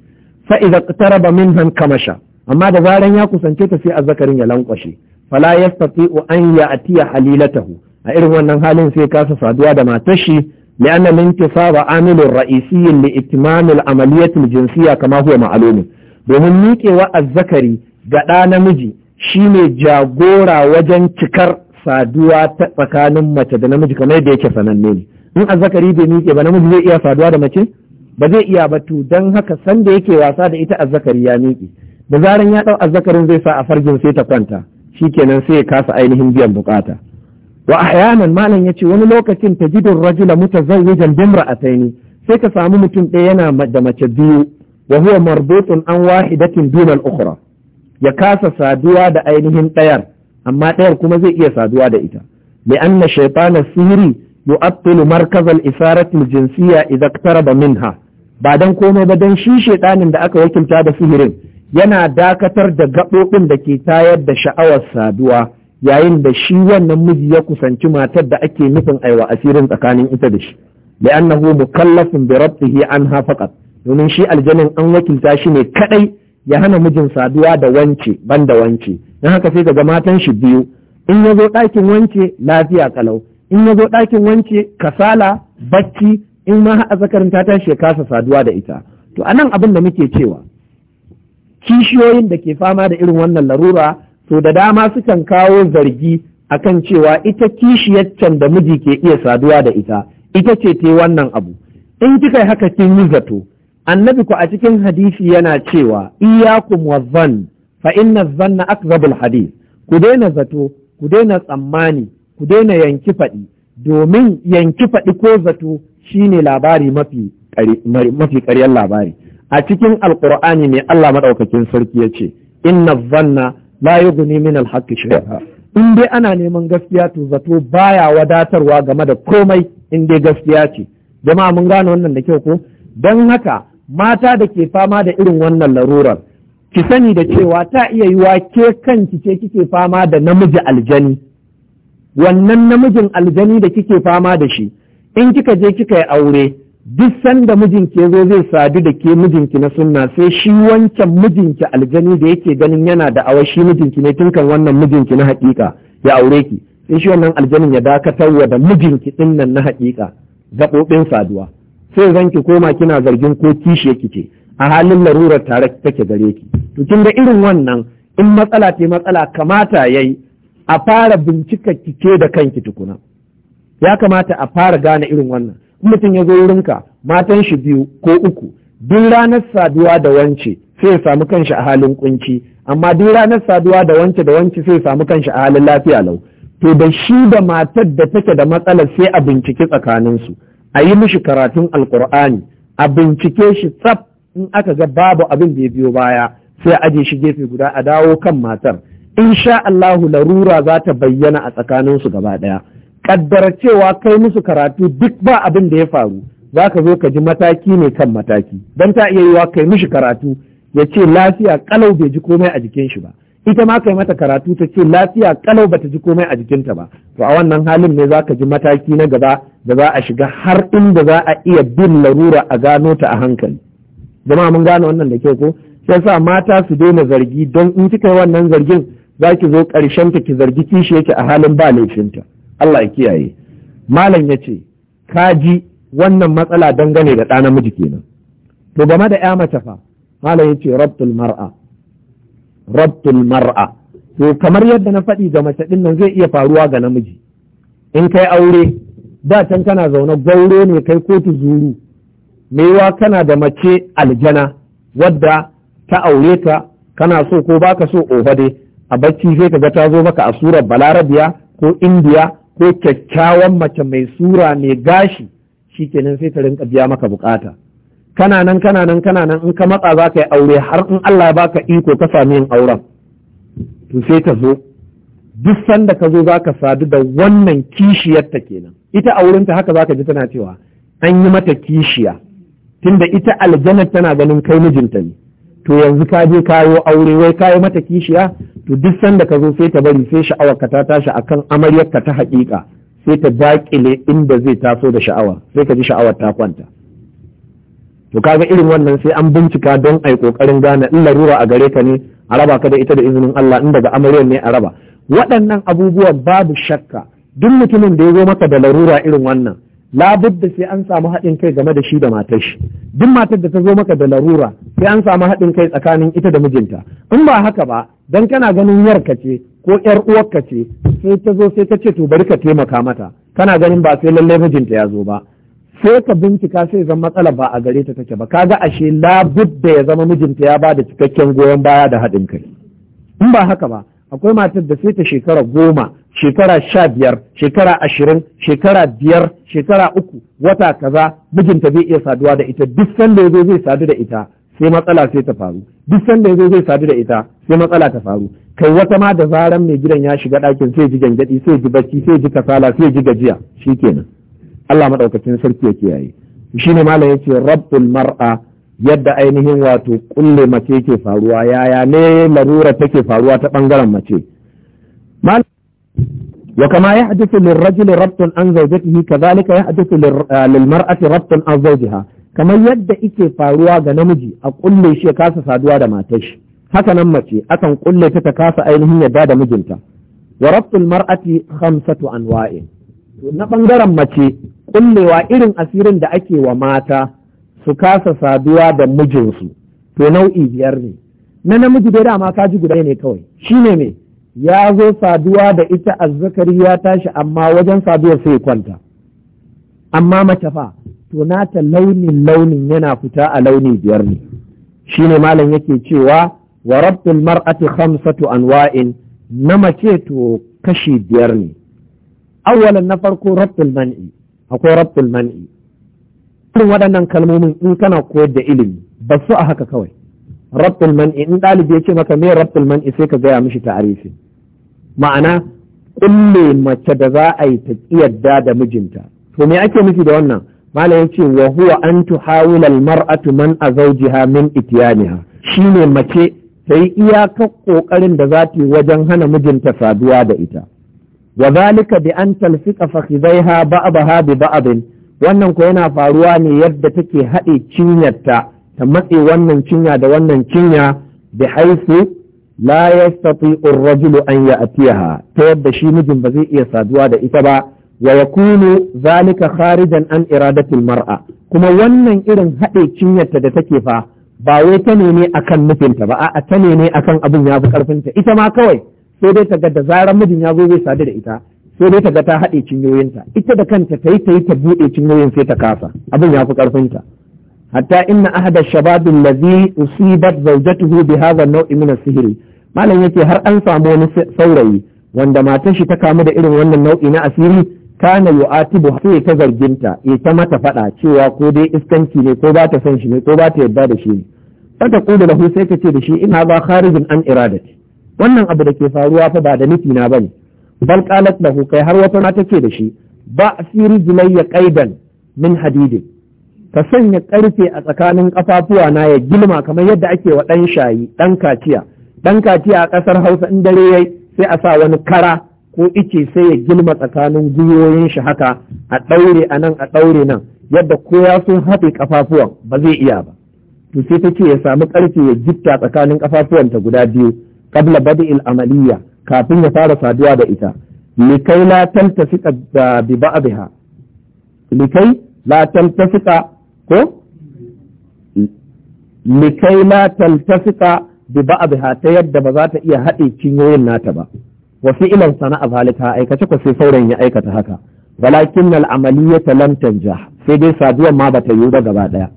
fa idza iqtaraba minha kamasha amma da zaran ya kusance ta sai azzakarin ya lankwashe fala yastati'u an ya'tiya halilatahu a irin wannan halin sai kasa saduwa da matar shi لأن الانتصاب عامل رئيسي لإتمام العملية الجنسية كما huwa معلوم domin miƙewa azzakari ga ɗa namiji shine jagora wajen cikar saduwa ta tsakanin mace da namiji kamar yadda yake sananne ne in azzakari bai miƙe ba namiji zai iya saduwa da mace ba zai iya ba to dan haka sanda yake wasa da ita azzakari ya miƙe da zaran ya ɗau azzakarin zai sa a fargin sai ta kwanta shikenan sai ya kasa ainihin biyan bukata wa ahyanan malam yace wani lokacin tajidun rajula mutazawwijan bimra'ataini sai ka samu mutum ɗaya yana da mace biyu wa huwa marbutun an wahidatin duna al-ukhra ya kasa saduwa da ainihin ɗayar amma ɗayar kuma zai iya saduwa da ita li'anna shaytana sihiri yu'attilu markaz al-isarati al-jinsiyya idza iktaraba minha ba don komai ba don shi shaidanin da aka wakilta da sihirin yana dakatar da gaɓoɓin da ke tayar da sha'awar saduwa yayin da shi wannan miji ya kusanci matar da ake nufin aiwa asirin tsakanin ita da shi annahu mukallafin bi rabbihi an hafaqat domin shi aljanin an wakilta shi ne kadai ya hana mijin saduwa da wance ban da wance Na haka sai ga matan shi biyu in ya zo ɗakin wance lafiya kalau in ya zo ɗakin wance kasala bacci in ma azzakarin ta tashi ya kasa saduwa da ita to anan abin da muke cewa kishiyoyin da ke fama da irin wannan larura to da dama sukan kawo zargi akan cewa ita kishiyar can da miji ke iya saduwa da ita ita ce ta wannan abu in kika haka kin yi zato annabi ku a cikin hadisi yana cewa iyakum wazzan fa inna zanna akzabul hadith ku daina zato ku daina tsammani ku daina yanki faɗi domin yanki faɗi ko zato shine labari mafi ƙaryar labari a cikin alƙur'ani ne Allah maɗaukakin sarki ya ce. inna zanna la yughni min alhaqqi shay'a in dai ana neman gaskiya to zato baya wadatarwa game da komai in dai gaskiya ce jama'a mun gane wannan da kyau ko don haka mata da ke fama da irin wannan larurar ki sani da cewa ta iya yiwa ke kanki ce kike fama da namiji aljani wannan namijin aljani da kike fama da shi in kika je kika yi aure duk sanda mijinki ya zo zai sadu da ke mijinki na sunna sai shi wancan mijinki aljani da yake ganin yana da awa shi mijinki ne tun kan wannan mijinki na hakika ya aure ki sai shi wannan aljanin ya wa da mijinki ɗinnan nan na haƙiƙa gaɓoɓin saduwa sai zan ki koma kina zargin ko kishe kike ce a halin larurar tare take gare ki to kin ga irin wannan in matsala ce matsala kamata yayi a fara bincika kike da kanki tukuna ya kamata a fara gane irin wannan mutum ya zo wurinka matan shi biyu ko uku duk ranar saduwa da wance sai ya samu kanshi a halin kunci amma duk ranar saduwa da wance da wance sai ya samu kanshi a halin lafiya lau to da shi da matar da take da matsalar sai a bincike tsakaninsu a yi mishi karatun alkur'ani a bincike shi tsaf in aka ga babu abin da ya biyo baya sai a aje shi gefe guda a dawo kan matar in sha Allahu larura za ta bayyana a tsakaninsu gaba ɗaya kaddara cewa kai musu karatu duk ba abin da ya faru za ka zo ka ji mataki ne kan mataki don ta iya yiwa kai mishi karatu ya ce lafiya kalau bai ji komai a jikin shi ba ita ma kai mata karatu ta ce lafiya kalau ta ji komai a jikinta ba to a wannan halin ne za ka ji mataki na gaba da za a shiga har inda za a iya bin larura a gano ta a hankali Zama mun gane wannan da ke ko sai sa mata su daina zargi don in kika yi wannan zargin za ki zo ƙarshen ta ki zargi kishi yake a halin ba laifinta. Allah ya kiyaye malam ya ce ka ji wannan matsala dangane da ɗa namiji kenan to game da ya mace fa malam ya ce rabtul mar'a rabtul mar'a to kamar yadda na faɗi ga mace ɗin nan zai iya faruwa ga namiji in kai aure da can kana zaune gauro ne kai kotu zuru mewa kana da mace aljana wadda ta aure ka kana so ko baka so Obade, a bacci sai ka ga ta zo maka a surar balarabiya ko indiya ko kyakkyawan mace mai sura mai gashi shi kenan sai ta rinka biya maka bukata kana nan kana nan kana nan in ka matsa za ka yi aure har in Allah ba ka iko ka sami yin auren to sai ta zo duk sanda ka zo za ka sadu da wannan kishiyarta kenan ita a wurinta haka za ka ji tana cewa an yi mata kishiya tunda ita aljanar tana ganin kai mijinta ne to yanzu ka je kayo aure wai kayo mata kishiya to duk sanda ka zo sai ta bari sai sha'awar ka ta tashi akan amaryar ka ta haƙiƙa sai ta baƙile inda zai taso da sha'awa sai ka ji sha'awar ta kwanta to kaga irin wannan sai an bincika don ai kokarin gane in larura a gare ka ne a raba ka da ita da izinin Allah in daga amaryar ne a raba waɗannan abubuwan babu shakka duk mutumin da ya zo maka da larura irin wannan labudda sai an samu haɗin kai game da shi da matar shi duk matar da ta zo maka da larura sai an samu haɗin kai tsakanin ita da mijinta in ba haka ba dan kana ganin yarka ce ko yar uwarka ce sai ta zo sai ta ce to bari ka taimaka mata kana ganin ba sai lalle mijinta ya zo ba sai ka bincika sai zan matsala ba a gare ta take ba kaga ashe da ya zama mijinta ya ba da cikakken goyon baya da haɗin kai in ba haka ba akwai matar da sai ta shekara goma shekara sha biyar shekara ashirin shekara biyar shekara uku wata kaza mijinta zai iya saduwa da ita duk sanda ya zo zai sadu da ita sai matsala sai ta faru duk sanda ya zo zai sadu da ita sai matsala ta faru kai wata ma da zaran mai gidan ya shiga ɗakin sai ji gangadi sai ji bacci sai ji kasala sai ji gajiya shikenan Allah madaukakin sarki ya kiyaye shine malam yace rabbul mar'a yadda ainihin wato kulle mace ke faruwa yaya ne larura take faruwa ta bangaren mace wa kama ya hadisu lil rajuli rabtun an zawjatihi kadhalika ya hadisu lil ah, mar'ati rabtun an zawjiha kamar yadda ike faruwa ga namiji a kulle shi ya kasa saduwa da matar shi haka nan mace akan kulle ta ta kasa ainihin yadda da mijinta wa rabtul mar'ati khamsatu anwa'in na bangaren mace kullewa irin asirin da ake wa mata su kasa saduwa da mijinsu to nau'i biyar ne na namiji dai dama ka ji guda ne kawai shi ne me ya zo saduwa da ita azzakari ya tashi amma wajen saduwar sai kwanta amma mace fa to nata launin launin yana fita a launi biyar ne shi ne malam yake cewa wa rabtul mar'ati khamsatu anwa'in na mace to kashi biyar ne awwalan na farko rabtul man'i akwai rabtul man'i irin waɗannan kalmomin in kana koyar da ilimi ba su a haka kawai rabtul man'i in ɗalibi ya ce maka me rabtul man'i sai ka gaya mishi ta'arifi ma'ana kulle mace da za a yi ta yadda da mijinta to me ake miki da wannan malam yace wa huwa an tuhawila al mar'atu man azawjiha min ityaniha shine mace sai iyakar kokarin da za ta yi wajen hana mijinta saduwa da ita wa zalika bi an talfiqa fakhidaiha ba'daha bi ba'din wannan ko yana faruwa ne yadda take haɗe cinyarta ta matse wannan cinya da wannan cinya da haifu la ya tafi rajulu an ya'tiha ta yadda shi mijin ba zai iya saduwa da ita ba wa yakunu zalika kharijan an iradatil mar'a kuma wannan irin haɗe cinyarta da take fa ba wai ta ne akan nufinta ba a'a ta ne akan abin ya fi karfinta ita ma kawai sai dai ta ga da zarar mijin ya zo zai sadu da ita sai dai ta ga ta haɗe cinyoyinta ita da kanta ta yi ta yi ta buɗe cinyoyin sai ta kasa abin ya fi ƙarfinta hatta inna ahada shababin lazi usibat zawjatuhu bi hadha nau'i min sihiri malam yake har an samu wani saurayi wanda matar shi ta kamu da irin wannan nau'i na asiri kana yu'atibu sai ta zarginta ya ta mata faɗa cewa ko dai iskanci ne ko ba ta son shi ne ko ba ta yarda da shi ne fata kudu lahu sai ka ce da shi ina ba kharijin an iradati wannan abu da ke faruwa fa ba da nufi na bane bal qalat lahu kai har wata na take da shi ba asiri julayya qaidan min hadidin ka sanya karfe a tsakanin kafafuwa na ya gilma kamar yadda ake wa dan shayi dan kaciya dan kaciya a kasar Hausa in dare yayi sai a sa wani kara ko ice sai ya gilma tsakanin gwiwoyin shi haka a daure a nan a daure nan yadda ko ya sun haɗe kafafuwan ba zai iya ba to sai ta ce ya samu karfe ya jitta tsakanin ta guda biyu qabla bad'il amaliya kafin ya fara saduwa da ita likai la taltafiqa bi ba'dha likai la ko likai la bi ta yadda ba za ta iya haɗe cinyoyin nata ba wa fi'lan sana'a zalika aikace ko sai ya aikata haka walakin al'amaliyata lam tanjah sai dai saduwar ma bata yiwu ba gaba daya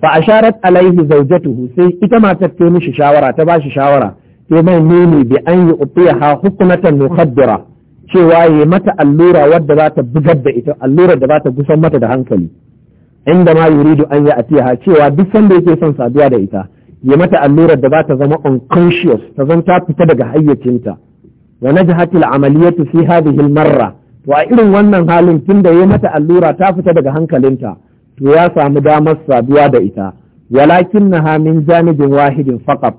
fa asharat alaihi zawjatuhu sai ita matar ta mishi shawara ta bashi shawara sai mai nuni bi an yi utiyaha hukumatan muhaddira cewa yi mata allura wadda za ta bugar da ita allura da za ta gusan mata da hankali inda ma yuridu an yi atiyaha cewa duk sanda yake son saduwa da ita yi mata allurar da za ta zama unconscious ta zan ta fita daga hayyacinta wa najhatil amaliyatu fi hadhihi al-marra a irin wannan halin tunda yi mata allura ta fita daga hankalinta to ya samu damar saduwa da ita walakinnaha min janibin wahidin faqat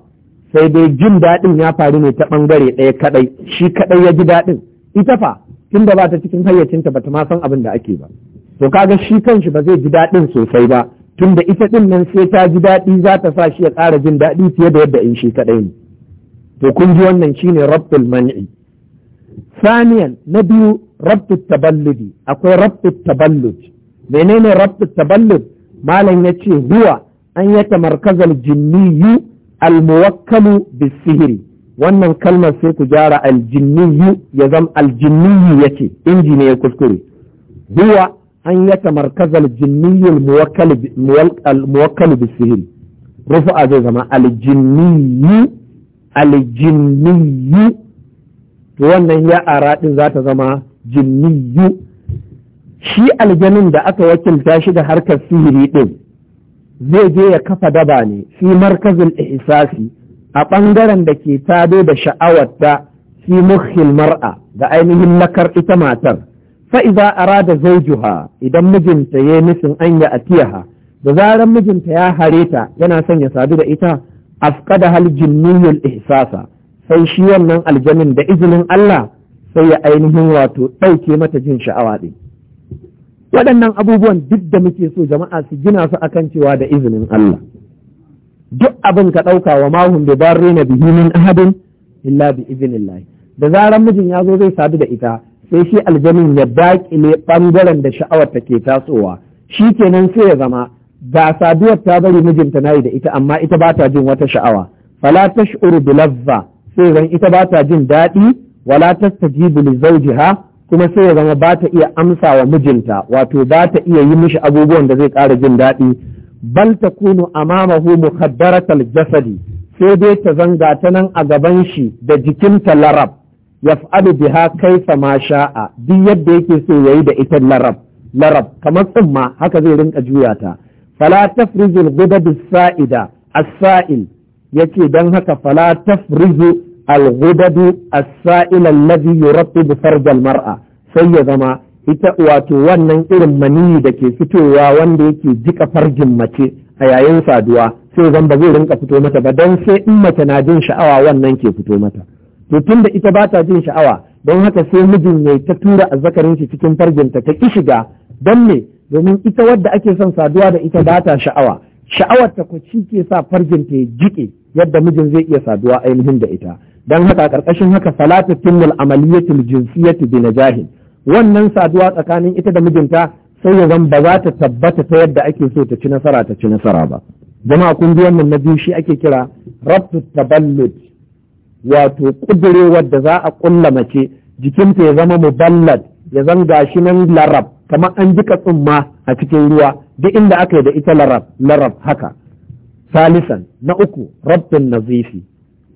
sai dai jin daɗin ya faru ne ta ɓangare ɗaya kaɗai shi kaɗai ya ji daɗin ita fa tun da ba ta cikin hayyacinta ba ta ma san abin da ake ba to kaga shi kanshi ba zai ji daɗin sosai ba tun da ita ɗin nan sai ta ji daɗi za ta sa shi ya ƙara jin daɗi fiye da yadda in shi kaɗai ne to kun ji wannan shi ne rabbul man'i saniyan na biyu rabbul taballudi akwai rabbul taballud menene rabbul taballud malam yace huwa an Markazal jinniyu almuwakkalu bisihiri wannan kalmar sai ku gyara aljinniyu ya zam aljinniyu yace inji ne ya kuskure huwa an yatamarkaza aljinniyu almuwakkalu bisihiri a zai zama aljinniyu aljinniyu to wannan ya ara din za ta zama jinniyu shi aljanin da aka wakilta shi da harkar sihiri din zai je ya kafa daba ne fi markazin ihsasi a ɓangaren da ke tado da sha'awar ta fi muhil mar'a da ainihin nakar ita matar fa'iza arada zaujuha idan mijinta ya nufin an ya atiyaha da zarar mijinta ya hare ta yana son ya sadu da ita afqada hal jinniyul ihsasa sai shi wannan aljanin da izinin Allah sai ya ainihin wato ɗauke mata jin sha'awa ɗin. waɗannan abubuwan duk da muke so jama'a su gina su akan cewa da izinin Allah duk abin ka ɗauka wa mahun da barre na bihi min ahadin illa bi iznillahi da zaran mijin ya zo zai sadu da ita sai shi aljamin ya daƙile ɓangaren da sha'awar ta ke tasowa shi kenan sai ya zama ba saduwar ta bari mijinta na yi da ita amma ita ba ta jin wata sha'awa fala tash'uru bi lazza sai zan ita ba ta jin daɗi wala tastajibu li zawjiha kuma sai ya zama ba ta iya amsa wa mijinta wato ba ta iya yi mishi abubuwan da zai ƙara jin daɗi bal ta kunu amamahu mukaddaratal jasadi sai dai ta zanga ta nan a gaban shi da jikinta larab yaf'alu biha kaifa ma sha'a duk yadda yake so yayi da ita larab larab kamar tsumma haka zai rinka juya ta fala tafrizul ghadab as-sa'ida as-sa'il yace dan haka fala tafrizu al-ghudadu as-sa'il alladhi yurattibu farjal mar'a sai ya zama ita wato wannan irin maniyi da ke fitowa wanda yake jiƙa farjin mace a yayin saduwa sai zan ba zai rinka fito mata ba don sai in mace na jin sha'awa wannan ke fito mata to tunda ita ba ta jin sha'awa don haka sai mijin ya ta tura azzakarin shi cikin farjinta ta ki shiga don me domin ita wadda ake son saduwa da ita ba ta sha'awa sha'awar ta ko ke sa farjinta ya jike yadda mijin zai iya saduwa ainihin da ita dan haka karkashin haka salatu timmul amaliyatul jinsiyyati bi najahin wannan saduwa tsakanin ita da mijinta sai ya zan ba za ta tabbata ta yadda ake so ta ci nasara ta ci nasara ba jama'a kun ji wannan na biyu shi ake kira rabtu taballud wato kudurewar da za a kulla mace jikinta ya zama muballad ya zan gashi nan larab kamar an jika tsumma a cikin ruwa duk inda aka yi da ita larab larab haka salisan na uku rabtun nazifi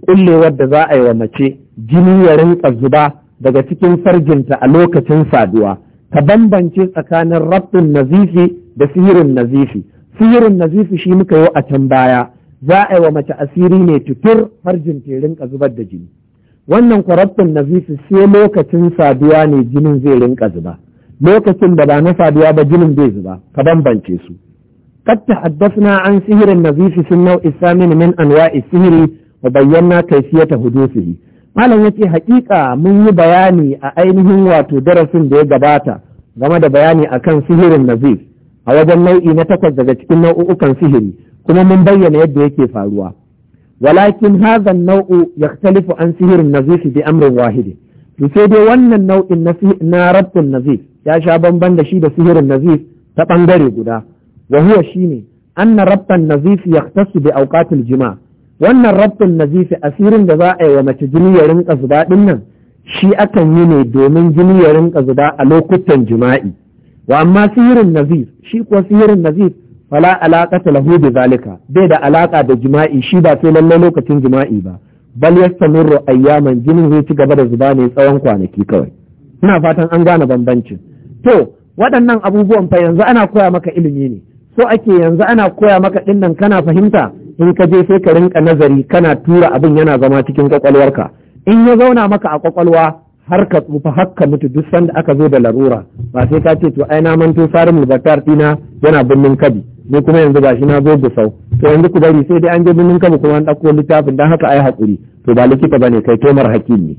kullewar da za a yi wa mace jini ya rinka zuba daga cikin farjinta a lokacin saduwa ka bambance tsakanin rabbin nazifi da sihirin nazifi sihirin nazifi shi muka yi a can baya za a yi wa mace asiri ne tutur farjin ta rinka zubar da jini wannan rabbin nazifi sai lokacin saduwa ne jinin zai rinka zuba lokacin da ba na saduwa ba jinin bai zuba ka bambance su قد تحدثنا عن سهر النظيف في النوع الثامن من أنواع السهر wa bayyana kaifiyata hudusihi malam yace haƙiƙa mun yi bayani a ainihin wato darasin da ya gabata game da bayani akan sihirin nazif a wajen nau'i na takwas daga cikin nau'ukan sihiri kuma mun bayyana yadda yake faruwa walakin hazan nau'u, nawu an sihirin nazif bi amrin wahid to sai dai wannan nau'in na rabtun nazif ya sha bamban da shi da sihirin nazif ta bangare guda wa huwa shine anna rabban nazif yahtassu bi awqatil jima' wannan rabtun nazifi asirin da za a yi wa mace jini ya rinka zuba din nan shi akan yi ne domin jini ya rinka zuba a lokutan jima'i wa amma sihirin nazif shi kuwa sihirin nazif fala alaƙata lahu bi zalika bai da alaƙa da jima'i shi ba sai lallai lokacin jima'i ba bal yastamirru ayyaman jinin zai ci gaba da zuba ne tsawon kwanaki kawai ina fatan an gane bambancin to waɗannan abubuwan fa yanzu ana koya maka ilimi ne so ake yanzu ana koya maka ɗinnan kana fahimta in ka je sai ka rinka nazari kana tura abin yana zama cikin kwakwalwarka in ya zauna maka a kwakwalwa har ka tsufa har mutu duk sanda aka zo da larura ba sai ka ce to ai na manto sarin bakar dina yana birnin kabi ni kuma yanzu ba shi na zo sau. to yanzu ku bari sai dai an je birnin kabi kuma an ɗauko littafin dan haka ai hakuri to ba likita bane kai mar hakim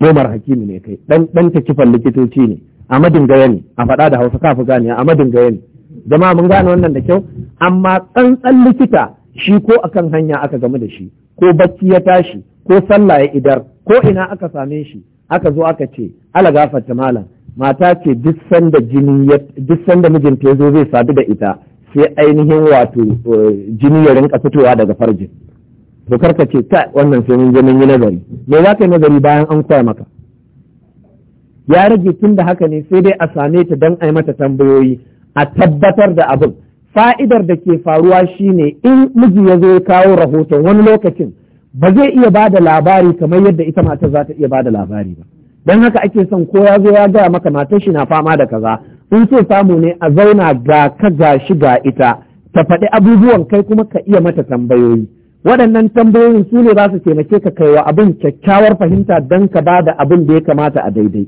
ne mar hakim ne kai dan dan ta kifan likitoci ne a madin gaya a faɗa da hausa k'a kafi gane a madin gaya jama'a mun gane wannan da kyau amma tsantsan likita shi ko akan hanya aka gamu da shi ko bacci ya tashi ko sallah ya idar ko ina aka same shi aka zo aka ce ala gafarta malam mata ce duk sanda jini duk sanda mijinta ya zo zai sadu da ita sai ainihin wato eh, jini ya rinka fitowa daga farjin to karka ce ta wannan sai mun je mun yi nazari me za ka yi nazari bayan an koya maka ya rage tun da haka ne sai dai a same ta don a mata tambayoyi a tabbatar da abin fa'idar da ke faruwa shine in miji ya zo kawo rahoton wani lokacin ba zai iya ba da labari kamar yadda ita matar za ta iya ba da labari ba don haka ake son ko ya zo ya ga maka matar shi na fama da kaza in so samu ne a zauna ga ka ga shi ga ita ta faɗi abubuwan kai kuma ka iya mata tambayoyi waɗannan tambayoyin su ne za su taimake ka kai wa abin kyakkyawar fahimta don ka ba da abin da ya kamata a daidai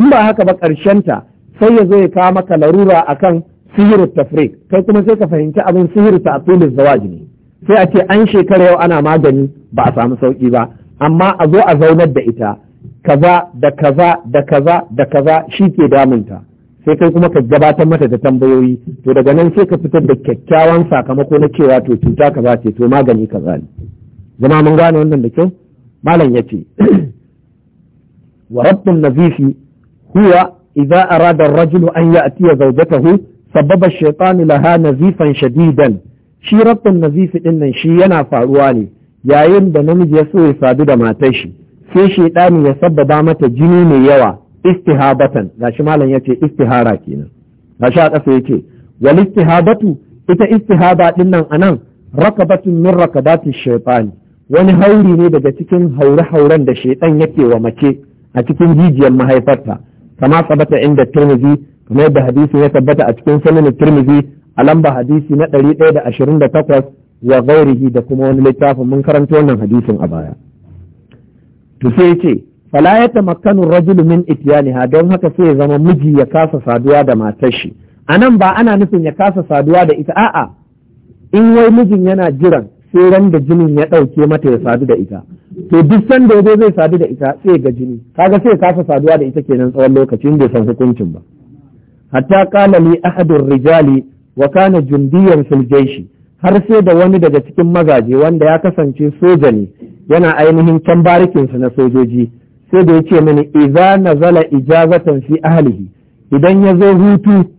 in ba haka ba ƙarshenta sai ya zo ya kawo maka larura a sihiri sihiru tafrik kai kuma sai ka fahimci abin sihiru ta'til zawaj ne sai a ce an shekara yau ana magani ba a samu sauki ba amma a zo a zaunar da ita kaza da kaza da kaza da kaza shi ke damunta sai kai kuma ka gabatar mata da tambayoyi to daga nan sai ka fitar da kyakkyawan sakamako na cewa to cuta kaza ce to magani kaza ne zama mun gane wannan da kyau malam yace wa rabbun nazifi huwa idza arada ar-rajulu an ya'tiya zawjatahu sababa shaytanu laha nazifan shadidan shi rabbin nazifi din shi yana faruwa ne yayin da namiji ya so ya sadu da matar shi sai shaytani ya sabbaba mata jini mai yawa istihabatan gashi malam yace istihara kenan gashi a ƙasa yake wal istihabatu ita istihaba din nan anan rakabatun min rakabati shaytani wani hauri ne daga cikin haure-hauren da shaitan yake wa mace a cikin jijiyar mahaifarta kama sabata inda tirmizi kamar yadda hadisi ya tabbata a cikin sunan tirmizi a lamba hadisi na ɗari ɗaya da ashirin da takwas wa ghairihi da kuma wani littafin mun karanta wannan hadisin a baya to yace fala ya tamakkanu rajul min ityaniha don haka sai ya zama miji ya kasa saduwa da matar shi nan ba ana nufin ya kasa saduwa da ita a'a in wai mijin yana jiran sai ran da jinin ya ɗauke mata ya sadu da ita to duk san ya zo zai sadu da ita sai ga jini kaga sai kasa saduwa da ita kenan tsawon lokaci inda san hukuncin ba hatta qala li ahadur rijali wa kana jundiyan fil jaishi har sai da wani daga cikin Magaji wanda ya kasance soja ne yana ainihin can barikinsu na sojoji sai da ya ce mini idza nazala ijazatan fi ahlihi idan ya zo hutu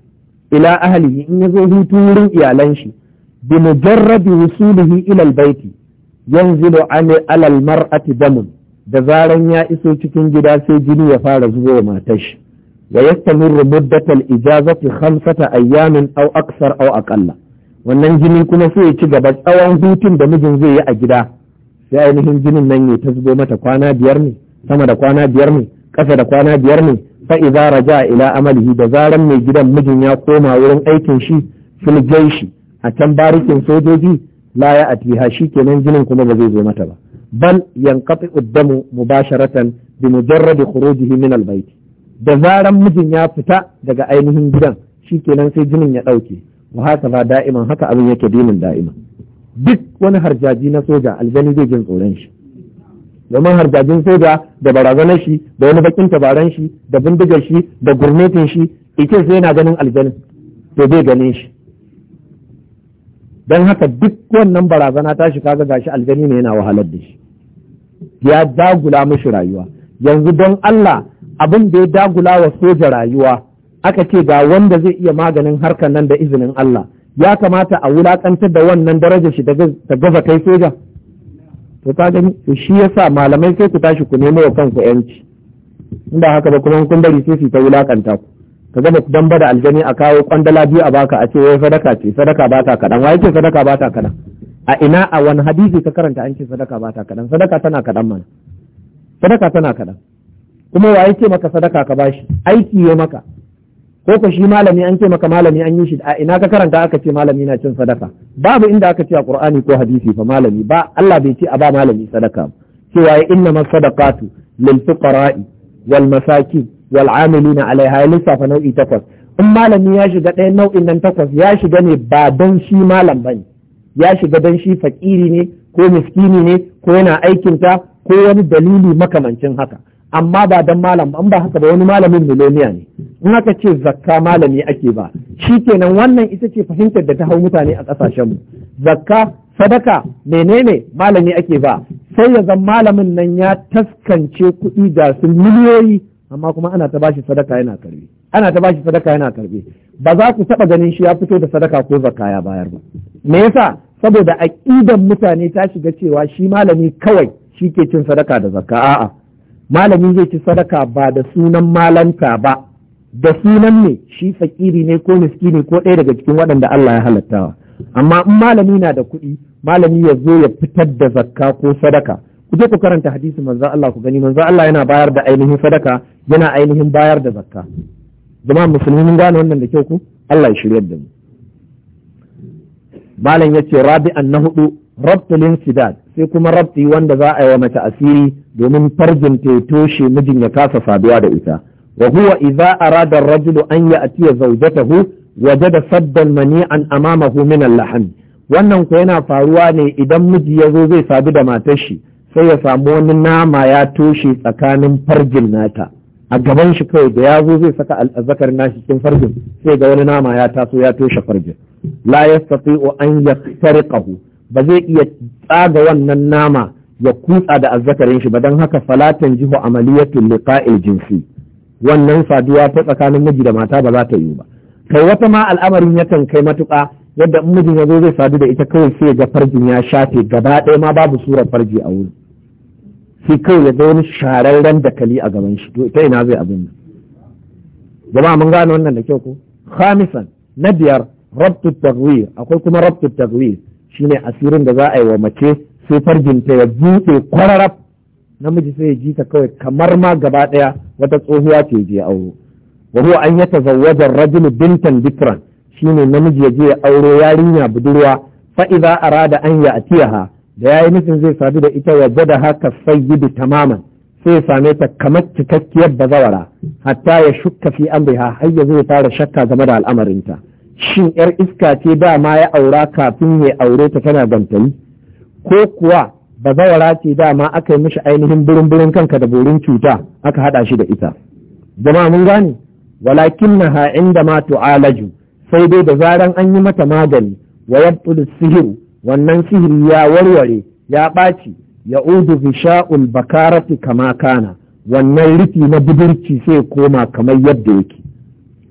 ila ahlihi in ya zo hutu wurin iyalan shi bi mujarradi wusulihi ila albayti yanzilu ala almar'ati damun da zaran ya iso cikin gida sai jini ya fara zuwa matar shi wa yastamirru muddatal ijazati khamsata ayyamin aw aksar aw aqalla wannan jini kuma sai ya ci gaba tsawon hutun da mijin zai yi a gida sai ainihin jinin nan ya tasbo mata kwana biyar ne sama da kwana biyar ne kasa da kwana biyar ne fa idza raja ila amalihi da zaran mai gidan mijin ya koma wurin aikin shi fil shi a can barikin sojoji la ya a shi kenan jinin kuma ba zai zo mata ba bal yanqati uddamu mubasharatan bi mujarrad khurujihi min al bayt da zaran mijin ya fita daga ainihin gidan shi kenan sai jinin ya dauke wa haka ba da'iman haka abin yake dinin da'ima duk wani harjaji na soja aljani zai jin tsoron shi domin harjajin soja da barazanar shi da wani bakin tabaran shi da bindigar shi da gurnetin shi ikin sai yana ganin aljanin to bai ganin shi don haka duk wannan barazana ta shi kaga gashi aljani ne yana wahalar da shi ya dagula mishi rayuwa yanzu don Allah abin da ya dagula wa soja rayuwa aka ce ga wanda zai iya maganin harkar nan da izinin Allah ya kamata a wulakantar da wannan darajar shi ta gaza kai soja to ka gani shi yasa malamai sai ku tashi ku nemo wa kanku yanci in haka ba kuma kun bari sai su ta wulakanta ku ka ga ku dan bada aljani a kawo kwandala biyu a baka a ce wai sadaka ce sadaka ba ta kadan wai ce sadaka ba ta kadan a ina a wani hadisi ka karanta an ce sadaka ba ta kadan sadaka tana kadan mana sadaka tana kadan kuma wa ce maka sadaka ka bashi aiki ya maka ko ko shi malami an ce maka malami an yi shi a ina ka karanta aka ce malami na cin sadaka babu inda aka ce a qur'ani ko hadisi fa malami ba Allah bai ce a ba malami sadaka cewa ya inna masadaqatu lil fuqara'i wal masakin wal amilina alaiha ya lissafa nau'i takwas in malami ya shiga ɗayan nau'in nan takwas ya shiga ne ba don shi malam bane ya shiga don shi faƙiri ne ko miskini ne ko yana aikinta ko wani dalili makamancin haka amma ba dan malam an ba haka ba wani malamin miloniya ne in haka ce zakka malami ake ba shi kenan wannan ita ce fahimtar da ta hau mutane a ƙasashen mu zakka sadaka menene malami ake ba sai ya zan malamin nan ya taskance kuɗi da su miliyoyi amma kuma ana ta bashi sadaka yana karbi ana ta bashi sadaka yana karbi ba za ku taba ganin shi ya fito da sadaka ko zakka ya bayar ba me yasa saboda aqidan mutane ta shiga cewa shi malami kawai shi ke cin sadaka da zakka a'a malami zai ci sadaka ba da sunan malanta ba da sunan ne shi fakiri ne ko miskini ko ɗaya daga cikin waɗanda Allah ya halattawa amma in malami na da kuɗi malami ya zo ya fitar da zakka ko sadaka ku je ku karanta hadisi manzo Allah ku gani manzo Allah yana bayar da ainihin sadaka yana ainihin bayar da zakka Zama musulmi mun gane wannan da kyau ku Allah ya shirya da mu malam yace rabi'an na hudu Lin insidad sai kuma rabti wanda za a yi wa mace asiri domin farjin ta toshe mijin ya kasa saduwa da ita wa huwa idza arada ar-rajulu an ya'tiya zawjatahu wajada saddan mani'an amamahu min al-lahm wannan ko yana faruwa ne idan miji ya zo zai sadu da matar shi sai ya samu wani nama ya toshe tsakanin farjin nata a gaban shi kawai da ya zo zai saka al'azakar nashi cikin farjin sai ga wani nama ya taso ya toshe farjin la yastati'u an yaqtariqahu ba zai iya tsaga wannan nama ya kutsa da azzakarin shi ba dan haka falatan jiho amaliyatul liqa'il jinsi wannan saduwa ta tsakanin miji da mata ba za ta yi ba kai wata ma al'amarin yakan kai matuƙa yadda mijin ya zo zai sadu da ita kawai sai ga farjin ya shafe gaba ɗaya ma babu surar farji a wurin shi kai ya ga wani shararren dakali a gaban shi to ta ina zai abin nan mun gane wannan da kyau ko khamisan na biyar rabtu tagwir akwai kuma rabtu tagwir shine asirin da za a yi wa mace sai ta ya buɗe kwararraf namiji sai ya ji ta kawai kamar ma gaba ɗaya wata tsohuwa ce je auro wa huwa an ya tazawwaja rajulu bintan dikran shine namiji ya je ya auro yarinya budurwa fa idza arada an ya'tiyaha da ya yi nufin zai sadu da ita ya da haka sayyidu tamaman sai ya same ta kamar cikakkiyar bazawara hatta ya shukka fi amriha har ya zai fara shakka game da al'amarinta shin yar iska ce dama ya aura kafin ya aure ta tana gantali ko kuwa bazawara ce dama aka yi mishi ainihin burin burin kanka da borin cuta aka hada shi da ita Zama mun gane walakin na inda ma tu'alaju sai dai da zaran an yi mata magani wa yabtul sihiru wannan sihiri ya warware ya ɓaci ya udu bisha'ul bakarati kama kana wannan rufi na budurci sai koma kamar yadda yake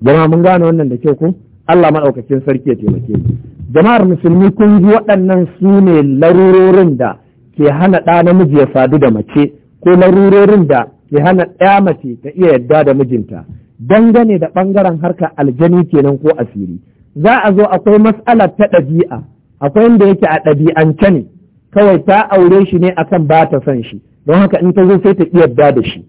jama'a mun gane wannan da kyau ko Allah maɗaukacin sarki ya taimake ni. jama'ar musulmi kun ji waɗannan su ne larurorin da ke hana ɗa namiji ya sadu da mace ko larurorin da ke hana ɗaya mace ta iya yadda da mijinta dangane da ɓangaren harkar aljani kenan ko asiri za a zo akwai mas'alar ta ɗabi'a akwai wanda yake a ɗabi'ance ne kawai ta aure shi ne akan ba ta son shi don haka in ta zo sai ta iya da shi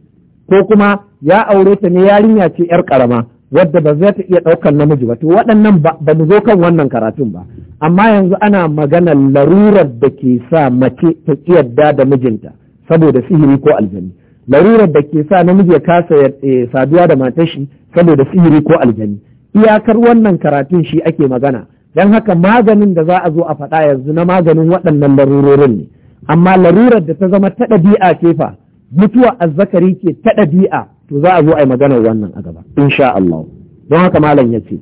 ko kuma ya aure ta ne yarinya ce yar karama wadda ba za ta iya ɗaukar namiji ba to waɗannan ba mu zo kan wannan karatun ba amma yanzu ana magana larurar da ke sa mace ta iya da mijinta saboda sihiri ko aljani larurar da ke sa namiji ya kasa eh, saduwa da matar shi saboda sihiri ko aljani iyakar wannan karatun shi ake magana don haka maganin da za a zo a faɗa yanzu na maganin waɗannan larurorin ne amma larurar da ta zama ta ɗabi'a ce fa mutuwa azzakari ke ta ɗabi'a to za a zo a yi maganar wannan a gaba insha Allah don haka malam ya ce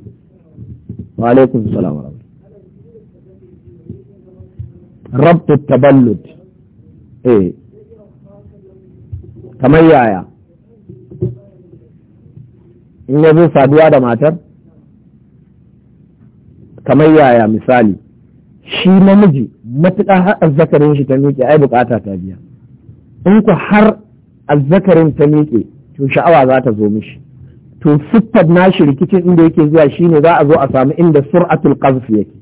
wa alaikum salam rabtu taballud eh kamar yaya in ya zo saduwa da matar kamar yaya misali shi namiji matuƙa har azzakarin shi ta miƙe ai bukata ta biya in ku har azzakarin ta miƙe to sha'awa za ta zo mishi to siffar nashi rikicin inda yake zuwa shine za a zo a samu inda sur'atul qazf yake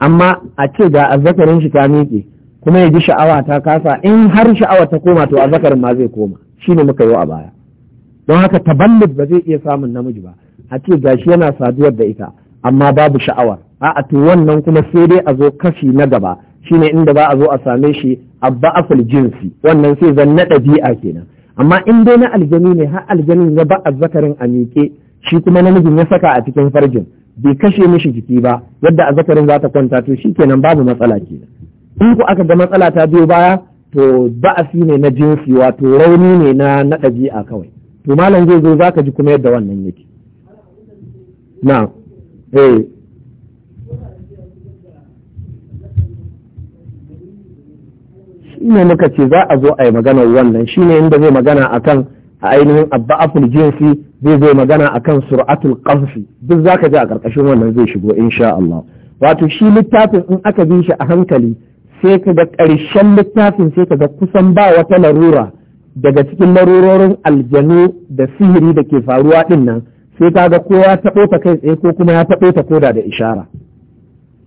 amma a ce da azzakarin shi ta miƙe kuma ya ji sha'awa ta kasa in har sha'awa ta koma to azzakarin ma zai koma shine muka yi a baya don haka taballud ba zai iya samun namiji ba a ce gashi yana saduwar da ita amma babu sha'awa a'a to wannan kuma sai dai a zo kashi na gaba shine inda ba a zo a same shi a ba'aful jinsi wannan sai zan na ɗabi'a kenan amma in dai na aljani ne har aljanin ya ba zakarin a miƙe shi kuma namijin ya saka a cikin farjin bai kashe mishi jiki ba yadda a zakarin za ta kwanta to shi kenan babu matsala kenan in ku aka ga matsala ta biyo baya to ba'asi ne na jinsi wato rauni ne na na ɗabi'a kawai to malam zai zo za ka ji kuma yadda wannan yake na'am eh shine muka ce za a zo a yi magana wannan shine inda zai magana akan a ainihin abba aful jinsi zai zo magana akan sur'atul qamfi duk zaka ji a karkashin wannan zai shigo insha Allah wato shi littafin in aka bi shi a hankali sai ka ga ƙarshen littafin sai ka ga kusan ba wata larura daga cikin larurorin aljanu da sihiri da ke faruwa ɗin nan sai ka ga ko ya taɓo ta kai tsaye ko kuma ya taɓo ta koda da ishara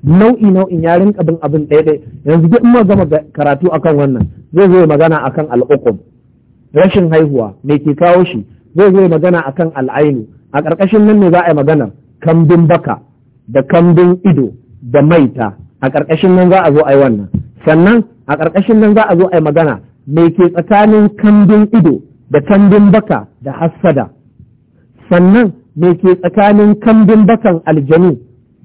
nau'i nau'in ya rinka bin abin ɗaya ɗaya yanzu duk ma gama karatu akan wannan zai zo magana akan al'ukum rashin haihuwa me ke kawo shi zai zo magana akan al'ainu a ƙarƙashin nan ne za a yi magana kambin baka da kambin ido da maita a ƙarƙashin nan za a zo a yi wannan sannan a ƙarƙashin nan za a zo a yi magana me ke tsakanin kambin ido da kambin baka da hassada sannan me ke tsakanin kambin bakan aljanu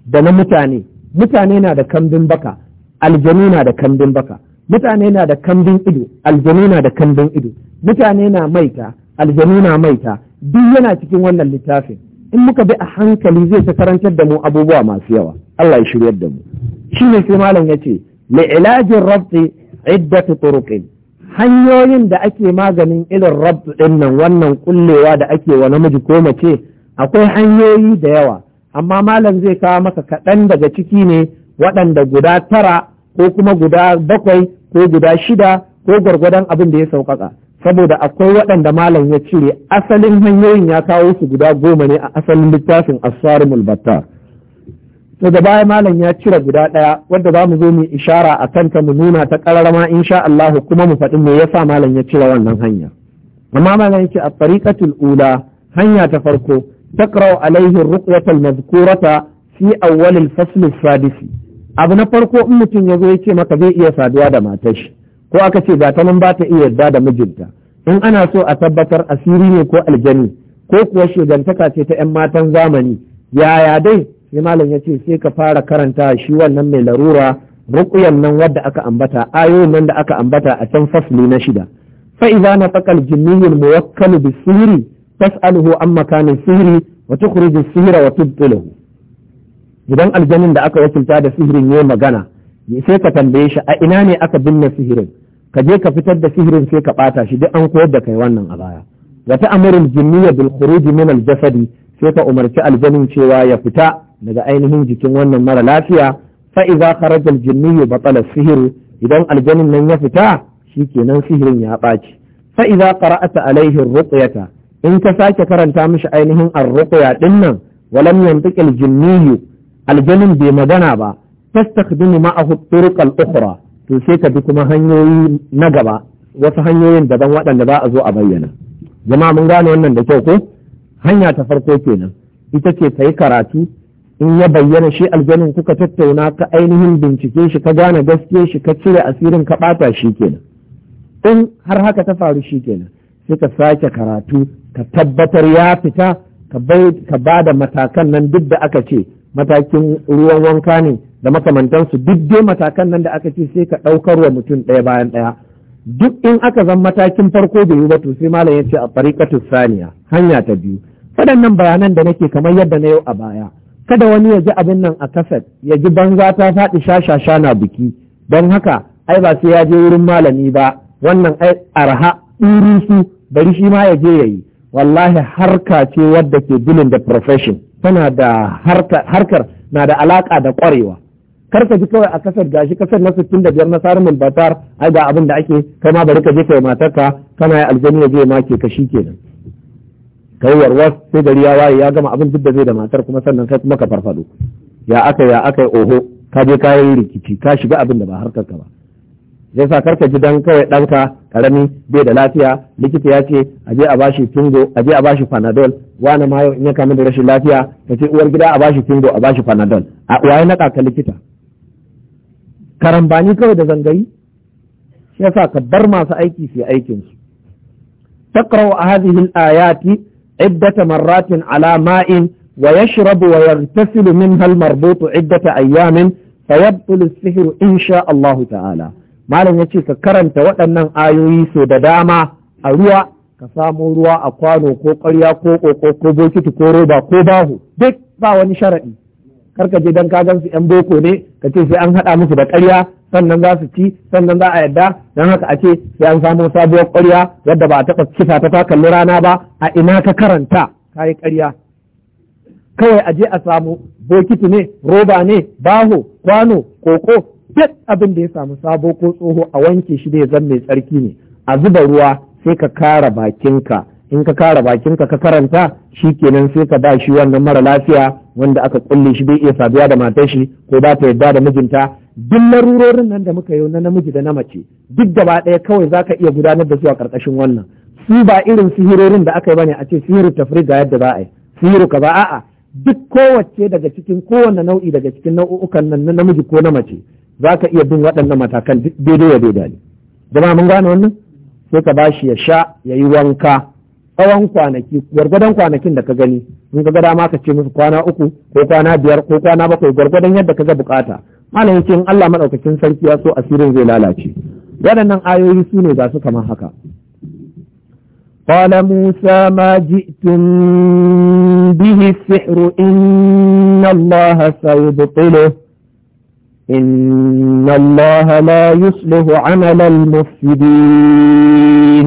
da na mutane mutane na da kambin baka aljanu na da kambin baka mutane na da kambin ido aljanu na da kambin ido mutane na maita aljanu na maita duk yana cikin wannan littafin in muka bi a hankali zai ta karantar da mu abubuwa masu yawa Allah ya shiryar da mu shine sai malam yace li ilajin rabti iddatu turuqin hanyoyin da ake maganin irin rabt din nan wannan kullewa da ake wa namiji ko mace akwai hanyoyi da yawa amma malam zai kawo maka kaɗan daga ciki ne waɗanda guda tara ko kuma guda bakwai ko guda shida ko gwargwadon abin da ya sauƙaƙa saboda akwai waɗanda malam ya cire asalin hanyoyin ya kawo su guda goma ne a asalin littafin asarin battar to da baya malam ya cire guda ɗaya wadda za mu zo mu ishara a kanta mu nuna ta ƙararrama insha Allah kuma mu faɗi me yasa malam ya cire wannan hanya amma malam yake a tariqatul ula hanya ta farko تقرأ عليه الرقية المذكورة في أول الفصل السادس abu na farko in mutum ya zo ya ce maka zai iya saduwa da matar shi ko aka ce ga ta nan ba ta iya yarda da mijinta in ana so a tabbatar asiri ne ko aljani ko kuwa shugantaka ce ta 'yan matan zamani yaya dai sai malam ya ce sai ka fara karanta shi wannan mai larura ruqyan nan wadda aka ambata ayoyin nan da aka ambata a can fasli na shida fa idza nafaqa al-jinniyyu al-muwakkal bis tas'aluhu an makanin sihiri wa tukhriju sihira wa tubtilahu idan aljanin da aka wakilta da sihirin yayi magana sai ka tambaye shi a ina ne aka binne sihirin ka je ka fitar da sihirin sai ka bata shi duk an koyar da kai wannan a baya wa ta'murul jinniya bil min al jasadi sai ka umarci aljanin cewa ya fita daga ainihin jikin wannan mara lafiya fa idza kharaja al jinniyu batala sihiru idan aljanin nan ya fita shikenan sihirin ya ɓaci fa idza qara'ata alaihi ruqyata in ka sake karanta mishi ainihin arruqya din nan walam yantiq aljinniyu aljanun bai magana ba tastakhdimu ma'ahu turuq al-ukhra to sai ka bi kuma hanyoyi na gaba wasu hanyoyin daban waɗanda za a zo a bayyana jama'a mun gane wannan da kyau ko hanya ta farko kenan ita ce ka yi karatu in ya bayyana shi aljanin kuka tattauna ka ainihin bincike shi ka gane gaske shi ka cire asirin ka shi kenan in har haka ta faru shi kenan sai ka sake karatu ka tabbatar ya fita ka ba da matakan nan duk da aka ce matakin ruwan wanka ne da makamantansu duk dai matakan nan da aka ce sai ka ɗaukar wa mutum ɗaya bayan ɗaya duk in aka zan matakin farko da yi ba sai malam ya ce a farikatu saniya hanya ta biyu waɗannan bayanan da nake kamar yadda na yau a baya kada wani ya ji abin nan a kaset ya ji banza ta faɗi shashasha na biki don haka ai ba sai ya je wurin malami ba wannan ai arha ɗuru su bari shi ma ya je ya yi wallahi harka ce wadda ke bilin da profession tana da harkar na da alaka da kwarewa kar ji kawai a kasar gashi kasar na 65 na Sarumin batar ai ga abin da ake kai ma bari ka je kai matarka kana ya aljani ya je ma ke kashi kenan kai warwas sai gari ya waye ya gama abin duk da zai da matar kuma sannan kai kuma ka farfado ya aka ya aka oho ka je kayan rikici ka shiga abin da ba harkar ka ba yasa karka ji dan kawai ɗanka karami bai da lafiya likita ya ce a je a bashi tingo a je a bashi panadol wani ma in ya kama da rashin lafiya ka ce uwar gida a bashi tingo a bashi panadol a waye na ka likita karambani kawai da zangayi yasa ka bar masu aiki su aikin su taqra'u hadhihi al-ayati iddata marratin ala ma'in wa yashrabu wa yartasilu minha marbutu iddata ayyamin fayabtulu as-sihru insha Allah ta'ala malam ya ce ka karanta waɗannan ayoyi so da dama a ruwa ka samo ruwa a kwano ko ƙwarya ko ƙoƙo ko bokiti ko roba ko baho duk ba wani sharaɗi karka je dan ka gan su yan boko ne ka ce sai an haɗa musu da ƙarya sannan za su ci sannan za a yadda don haka a ce sai an samo sabuwar ƙarya yadda ba a taɓa kifa ta ta kalli rana ba a ina ka karanta ka yi ƙarya kawai a je a samu bokiti ne roba ne baho kwano koko duk abin da ya samu sabo ko tsoho a wanke shi da ya zan mai tsarki ne a zuba ruwa sai ka kara bakinka in ka kara bakinka ka karanta shi kenan sai ka ba shi wannan mara lafiya wanda aka kulle shi bai iya saduwa da matar shi ko ba ta yadda da mijinta duk larurorin nan da muka yi na namiji da na mace duk gaba ɗaya kawai zaka iya gudanar da su a ƙarƙashin wannan su ba irin sihirorin da aka yi bane a ce sihiru tafri ga yadda za a yi sihiru ka ba a'a duk kowace daga cikin kowane nau'i daga cikin nau'ukan nan na namiji ko na mace za ka iya bin waɗannan matakan daidai ya daidai ne jama'a mun gane wannan sai ka bashi ya sha ya yi wanka tsawon kwanaki gwargwadon kwanakin da ka gani in ka ga dama ka ce musu kwana uku ko kwana biyar ko kwana bakwai gwargwadon yadda ka ga bukata malamin ce in Allah madaukakin sarki ya so asirin zai lalace waɗannan ayoyi su ne ga su kamar haka قال tun bihi جئتم in Allah إن الله سيبطله إن الله لا يصلح عمل المفسدين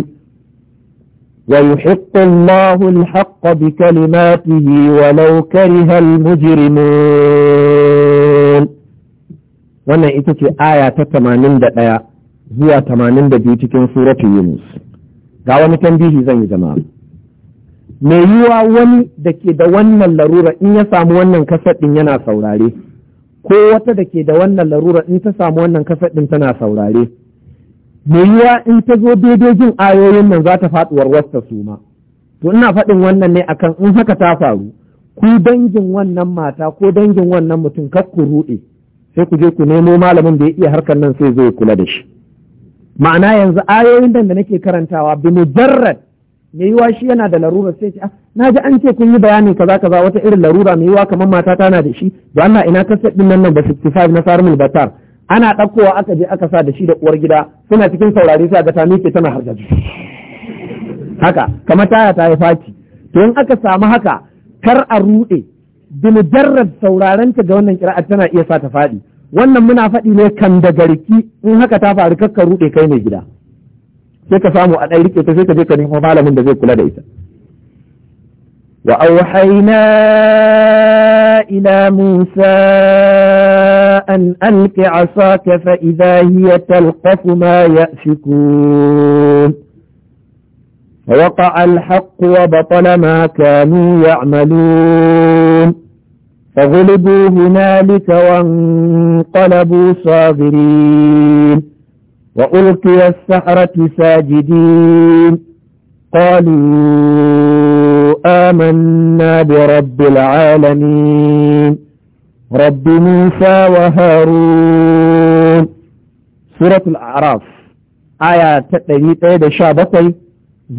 ويحق الله الحق بكلماته ولو كره المجرمون wannan ita ce aya ta ɗaya zuwa biyu cikin suratu Yunus ga wani tambihi zan yi jama'a me yiwa wani da ke da wannan larura in ya samu wannan kasar ɗin yana saurare ko wata da ke da wannan larura in ta samu wannan kasar ɗin tana saurare me yiwa in ta zo daidai jin ayoyin nan za ta faɗuwar wasta su ma to ina faɗin wannan ne akan in haka ta faru ku dangin wannan mata ko dangin wannan mutum kar ku ruɗe sai ku je ku nemo malamin da ya iya harkar nan sai zai kula da shi ma'ana yanzu ayoyin nan da nake karantawa bi mujarrad me yiwa shi yana da larura sai ce ah, na ji an ce kun yi bayanin kaza kaza wata irin larura mai yiwa kamar mata tana da shi da Allah ina ta din nan ba 65 na Sarmul Batar ana ɗaukowa aka je aka sa da shi da uwar gida suna cikin saurari sai ga ta miƙe tana hargaji haka kamar taya ta yi faci to in aka samu haka kar a ruɗe bimujarrad sauraren ta ga wannan kira'ar tana iya sa ta faɗi wannan muna faɗi ne kan da garki in haka ta faru kakka ruɗe kai mai gida sai ka samu a ɗan rike ta sai ka je ka nemo malamin da zai kula da ita wa auhayna ila musa an alqi asaka fa idha hiya talqafu ma ya'fikun ووقع الحق وبطل ما كانوا يعملون فغلبوا هنالك وانقلبوا صاغرين وألقي السحرة ساجدين قالوا آمنا برب العالمين رب موسى وهارون سورة الأعراف آية تقريبا إيه شابقي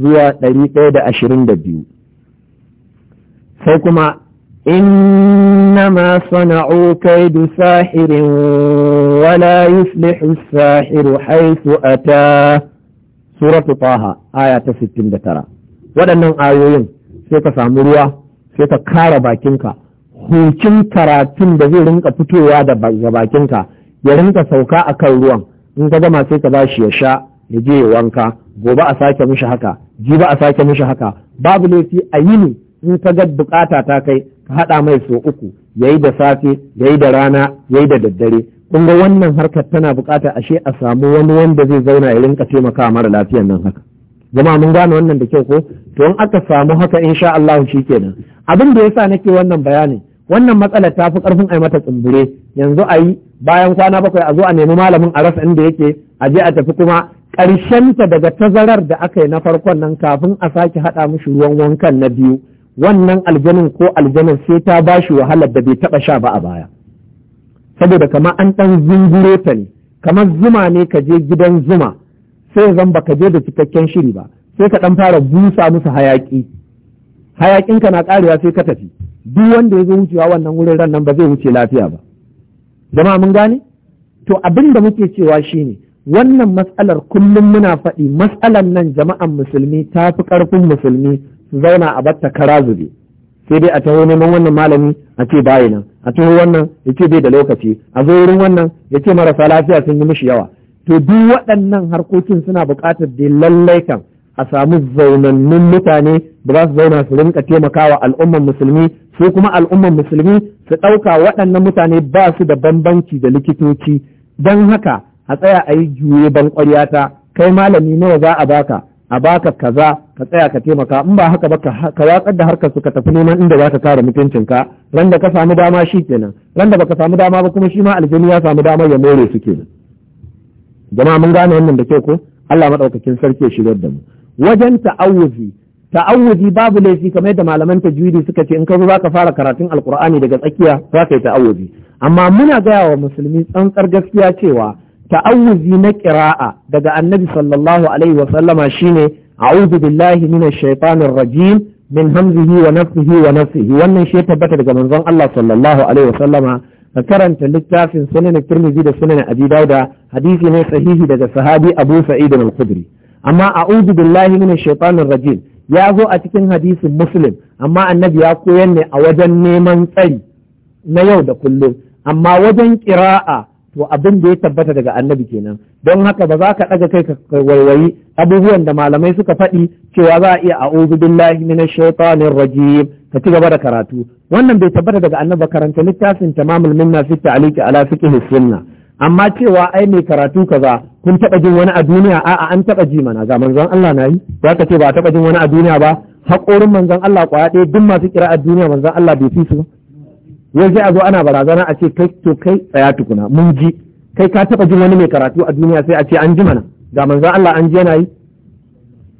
زوا تقريبا أشرين دبيو فيكما إنما صنعوا كيد ساحر ولا يفلح الساحر حيث أتى سورة طه آية 69 waɗannan ayoyin sai ka samu ruwa sai ka kara bakinka hucin karatun da zai rinka fitowa da bakinka ya rinka sauka a kan ruwan in ka gama sai ka ba shi ya sha ya je ya wanka gobe a sake mishi haka jibi ba a sake mishi haka babu laifi a yini in ka ga bukata ta kai ka haɗa mai so uku yayi da safe yayi da rana yayi da daddare kun ga wannan harkar tana bukata ashe a samu wani wanda zai zauna ya rinka taimaka mara lafiyar nan haka Zama mun gane wannan da kyau ko to in aka samu haka in insha Allah kenan. abin da ya yasa nake wannan bayanin wannan matsalar ta fi karfin ai mata tsumbure yanzu a bayan kwana bakwai a zo a nemi malamin a rasa inda yake a je a tafi kuma ta daga tazarar da aka yi na farkon nan kafin a sake haɗa mishi ruwan wankan na biyu wannan aljanin ko aljanin sai ta bashi wahalar da bai taɓa sha ba a baya. saboda kamar an ɗan zunguro ta ne kamar zuma ne ka je gidan zuma sai zan ba ka je da cikakken shiri ba sai ka ɗan fara busa musu hayaƙi hayaƙinka na ƙarewa sai ka tafi duk wanda ya zo wucewa wannan wurin ran nan ba zai wuce lafiya ba jama'a mun gane to abin da muke cewa shine wannan matsalar kullum muna faɗi matsalar nan jama'an musulmi ta fi ƙarfin musulmi su zauna a batta kara zube sai dai a taho neman wannan malami a ce bayi nan a taho wannan ya ce bai da lokaci a zo wurin wannan ya ce marasa lafiya sun yi mishi yawa to duk waɗannan harkokin suna buƙatar da lallai kan a samu zaunannun mutane da za su zauna su rinka taimakawa al'umman musulmi su kuma al'umman musulmi su ɗauka waɗannan mutane ba su da bambanci da likitoci don haka a tsaya a yi juye ban ta, kai malami nawa za a baka a baka kaza ka tsaya ka taimaka in ba haka ba ka watsar da harkar su ka tafi neman inda za ka kare mutuncinka ran da ka samu dama shi kenan ran da baka samu dama ba kuma shi ma aljini ya samu dama ya more su kenan jama'a mun gane wannan da kyau ko Allah madaukakin sarki ya shigar da mu wajen ta'awuzi ta'awuzi babu laifi kamar da malaman tajwidi suka ce in ka zo zaka fara karatun alqur'ani daga tsakiya zaka yi ta'awuzi amma muna gaya wa musulmi tsantsar gaskiya cewa ta'awuzi na ƙira'a daga annabi sallallahu alaihi wa sallama shine a'udhu billahi minash shaitanir rajim min hamzihi wa nafsihi wa nafsihi wannan shi tabbata daga manzon Allah sallallahu alaihi wa sallama ka karanta littafin sunan Tirmidhi da sunan Abi Dawud hadisi ne sahihi daga sahabi Abu Sa'id al-Khudri amma a'udhu billahi minash shaitanir rajim ya zo a cikin hadisin Muslim amma annabi ya koyar ne a wajen neman tsari na yau da kullum amma wajen ƙira'a to abin da ya tabbata daga annabi kenan don haka ba za ka ɗaga kai ka waiwayi abubuwan da malamai suka faɗi cewa za a iya a'udhu billahi minash shaitanir rajim ka ci gaba da karatu wannan bai tabbata daga annabi karanta littafin tamamul minna fi ta'liqi ala fiqh sunna amma cewa ai mai karatu kaza kun taɓa jin wani a duniya a'a an taɓa ji mana ga manzon Allah na yi za ka ce ba a taɓa jin wani a duniya ba haƙorin manzon Allah kwaya ɗaya duk masu kira a duniya manzon Allah bai fi su wai sai a zo ana barazana a ce kai to kai tsaya tukuna mun ji kai ka taba jin wani mai karatu a duniya sai a ce an ji mana ga manzon Allah an ji yana yi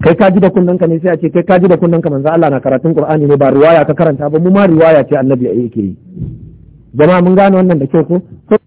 kai ka ji da ka ne sai a ce kai ka ji da kunnan ka manzon Allah na karatun Qur'ani ne ba riwaya ka karanta ba mu ma riwaya ce annabi yake yi jama'a mun gane wannan da kyau ko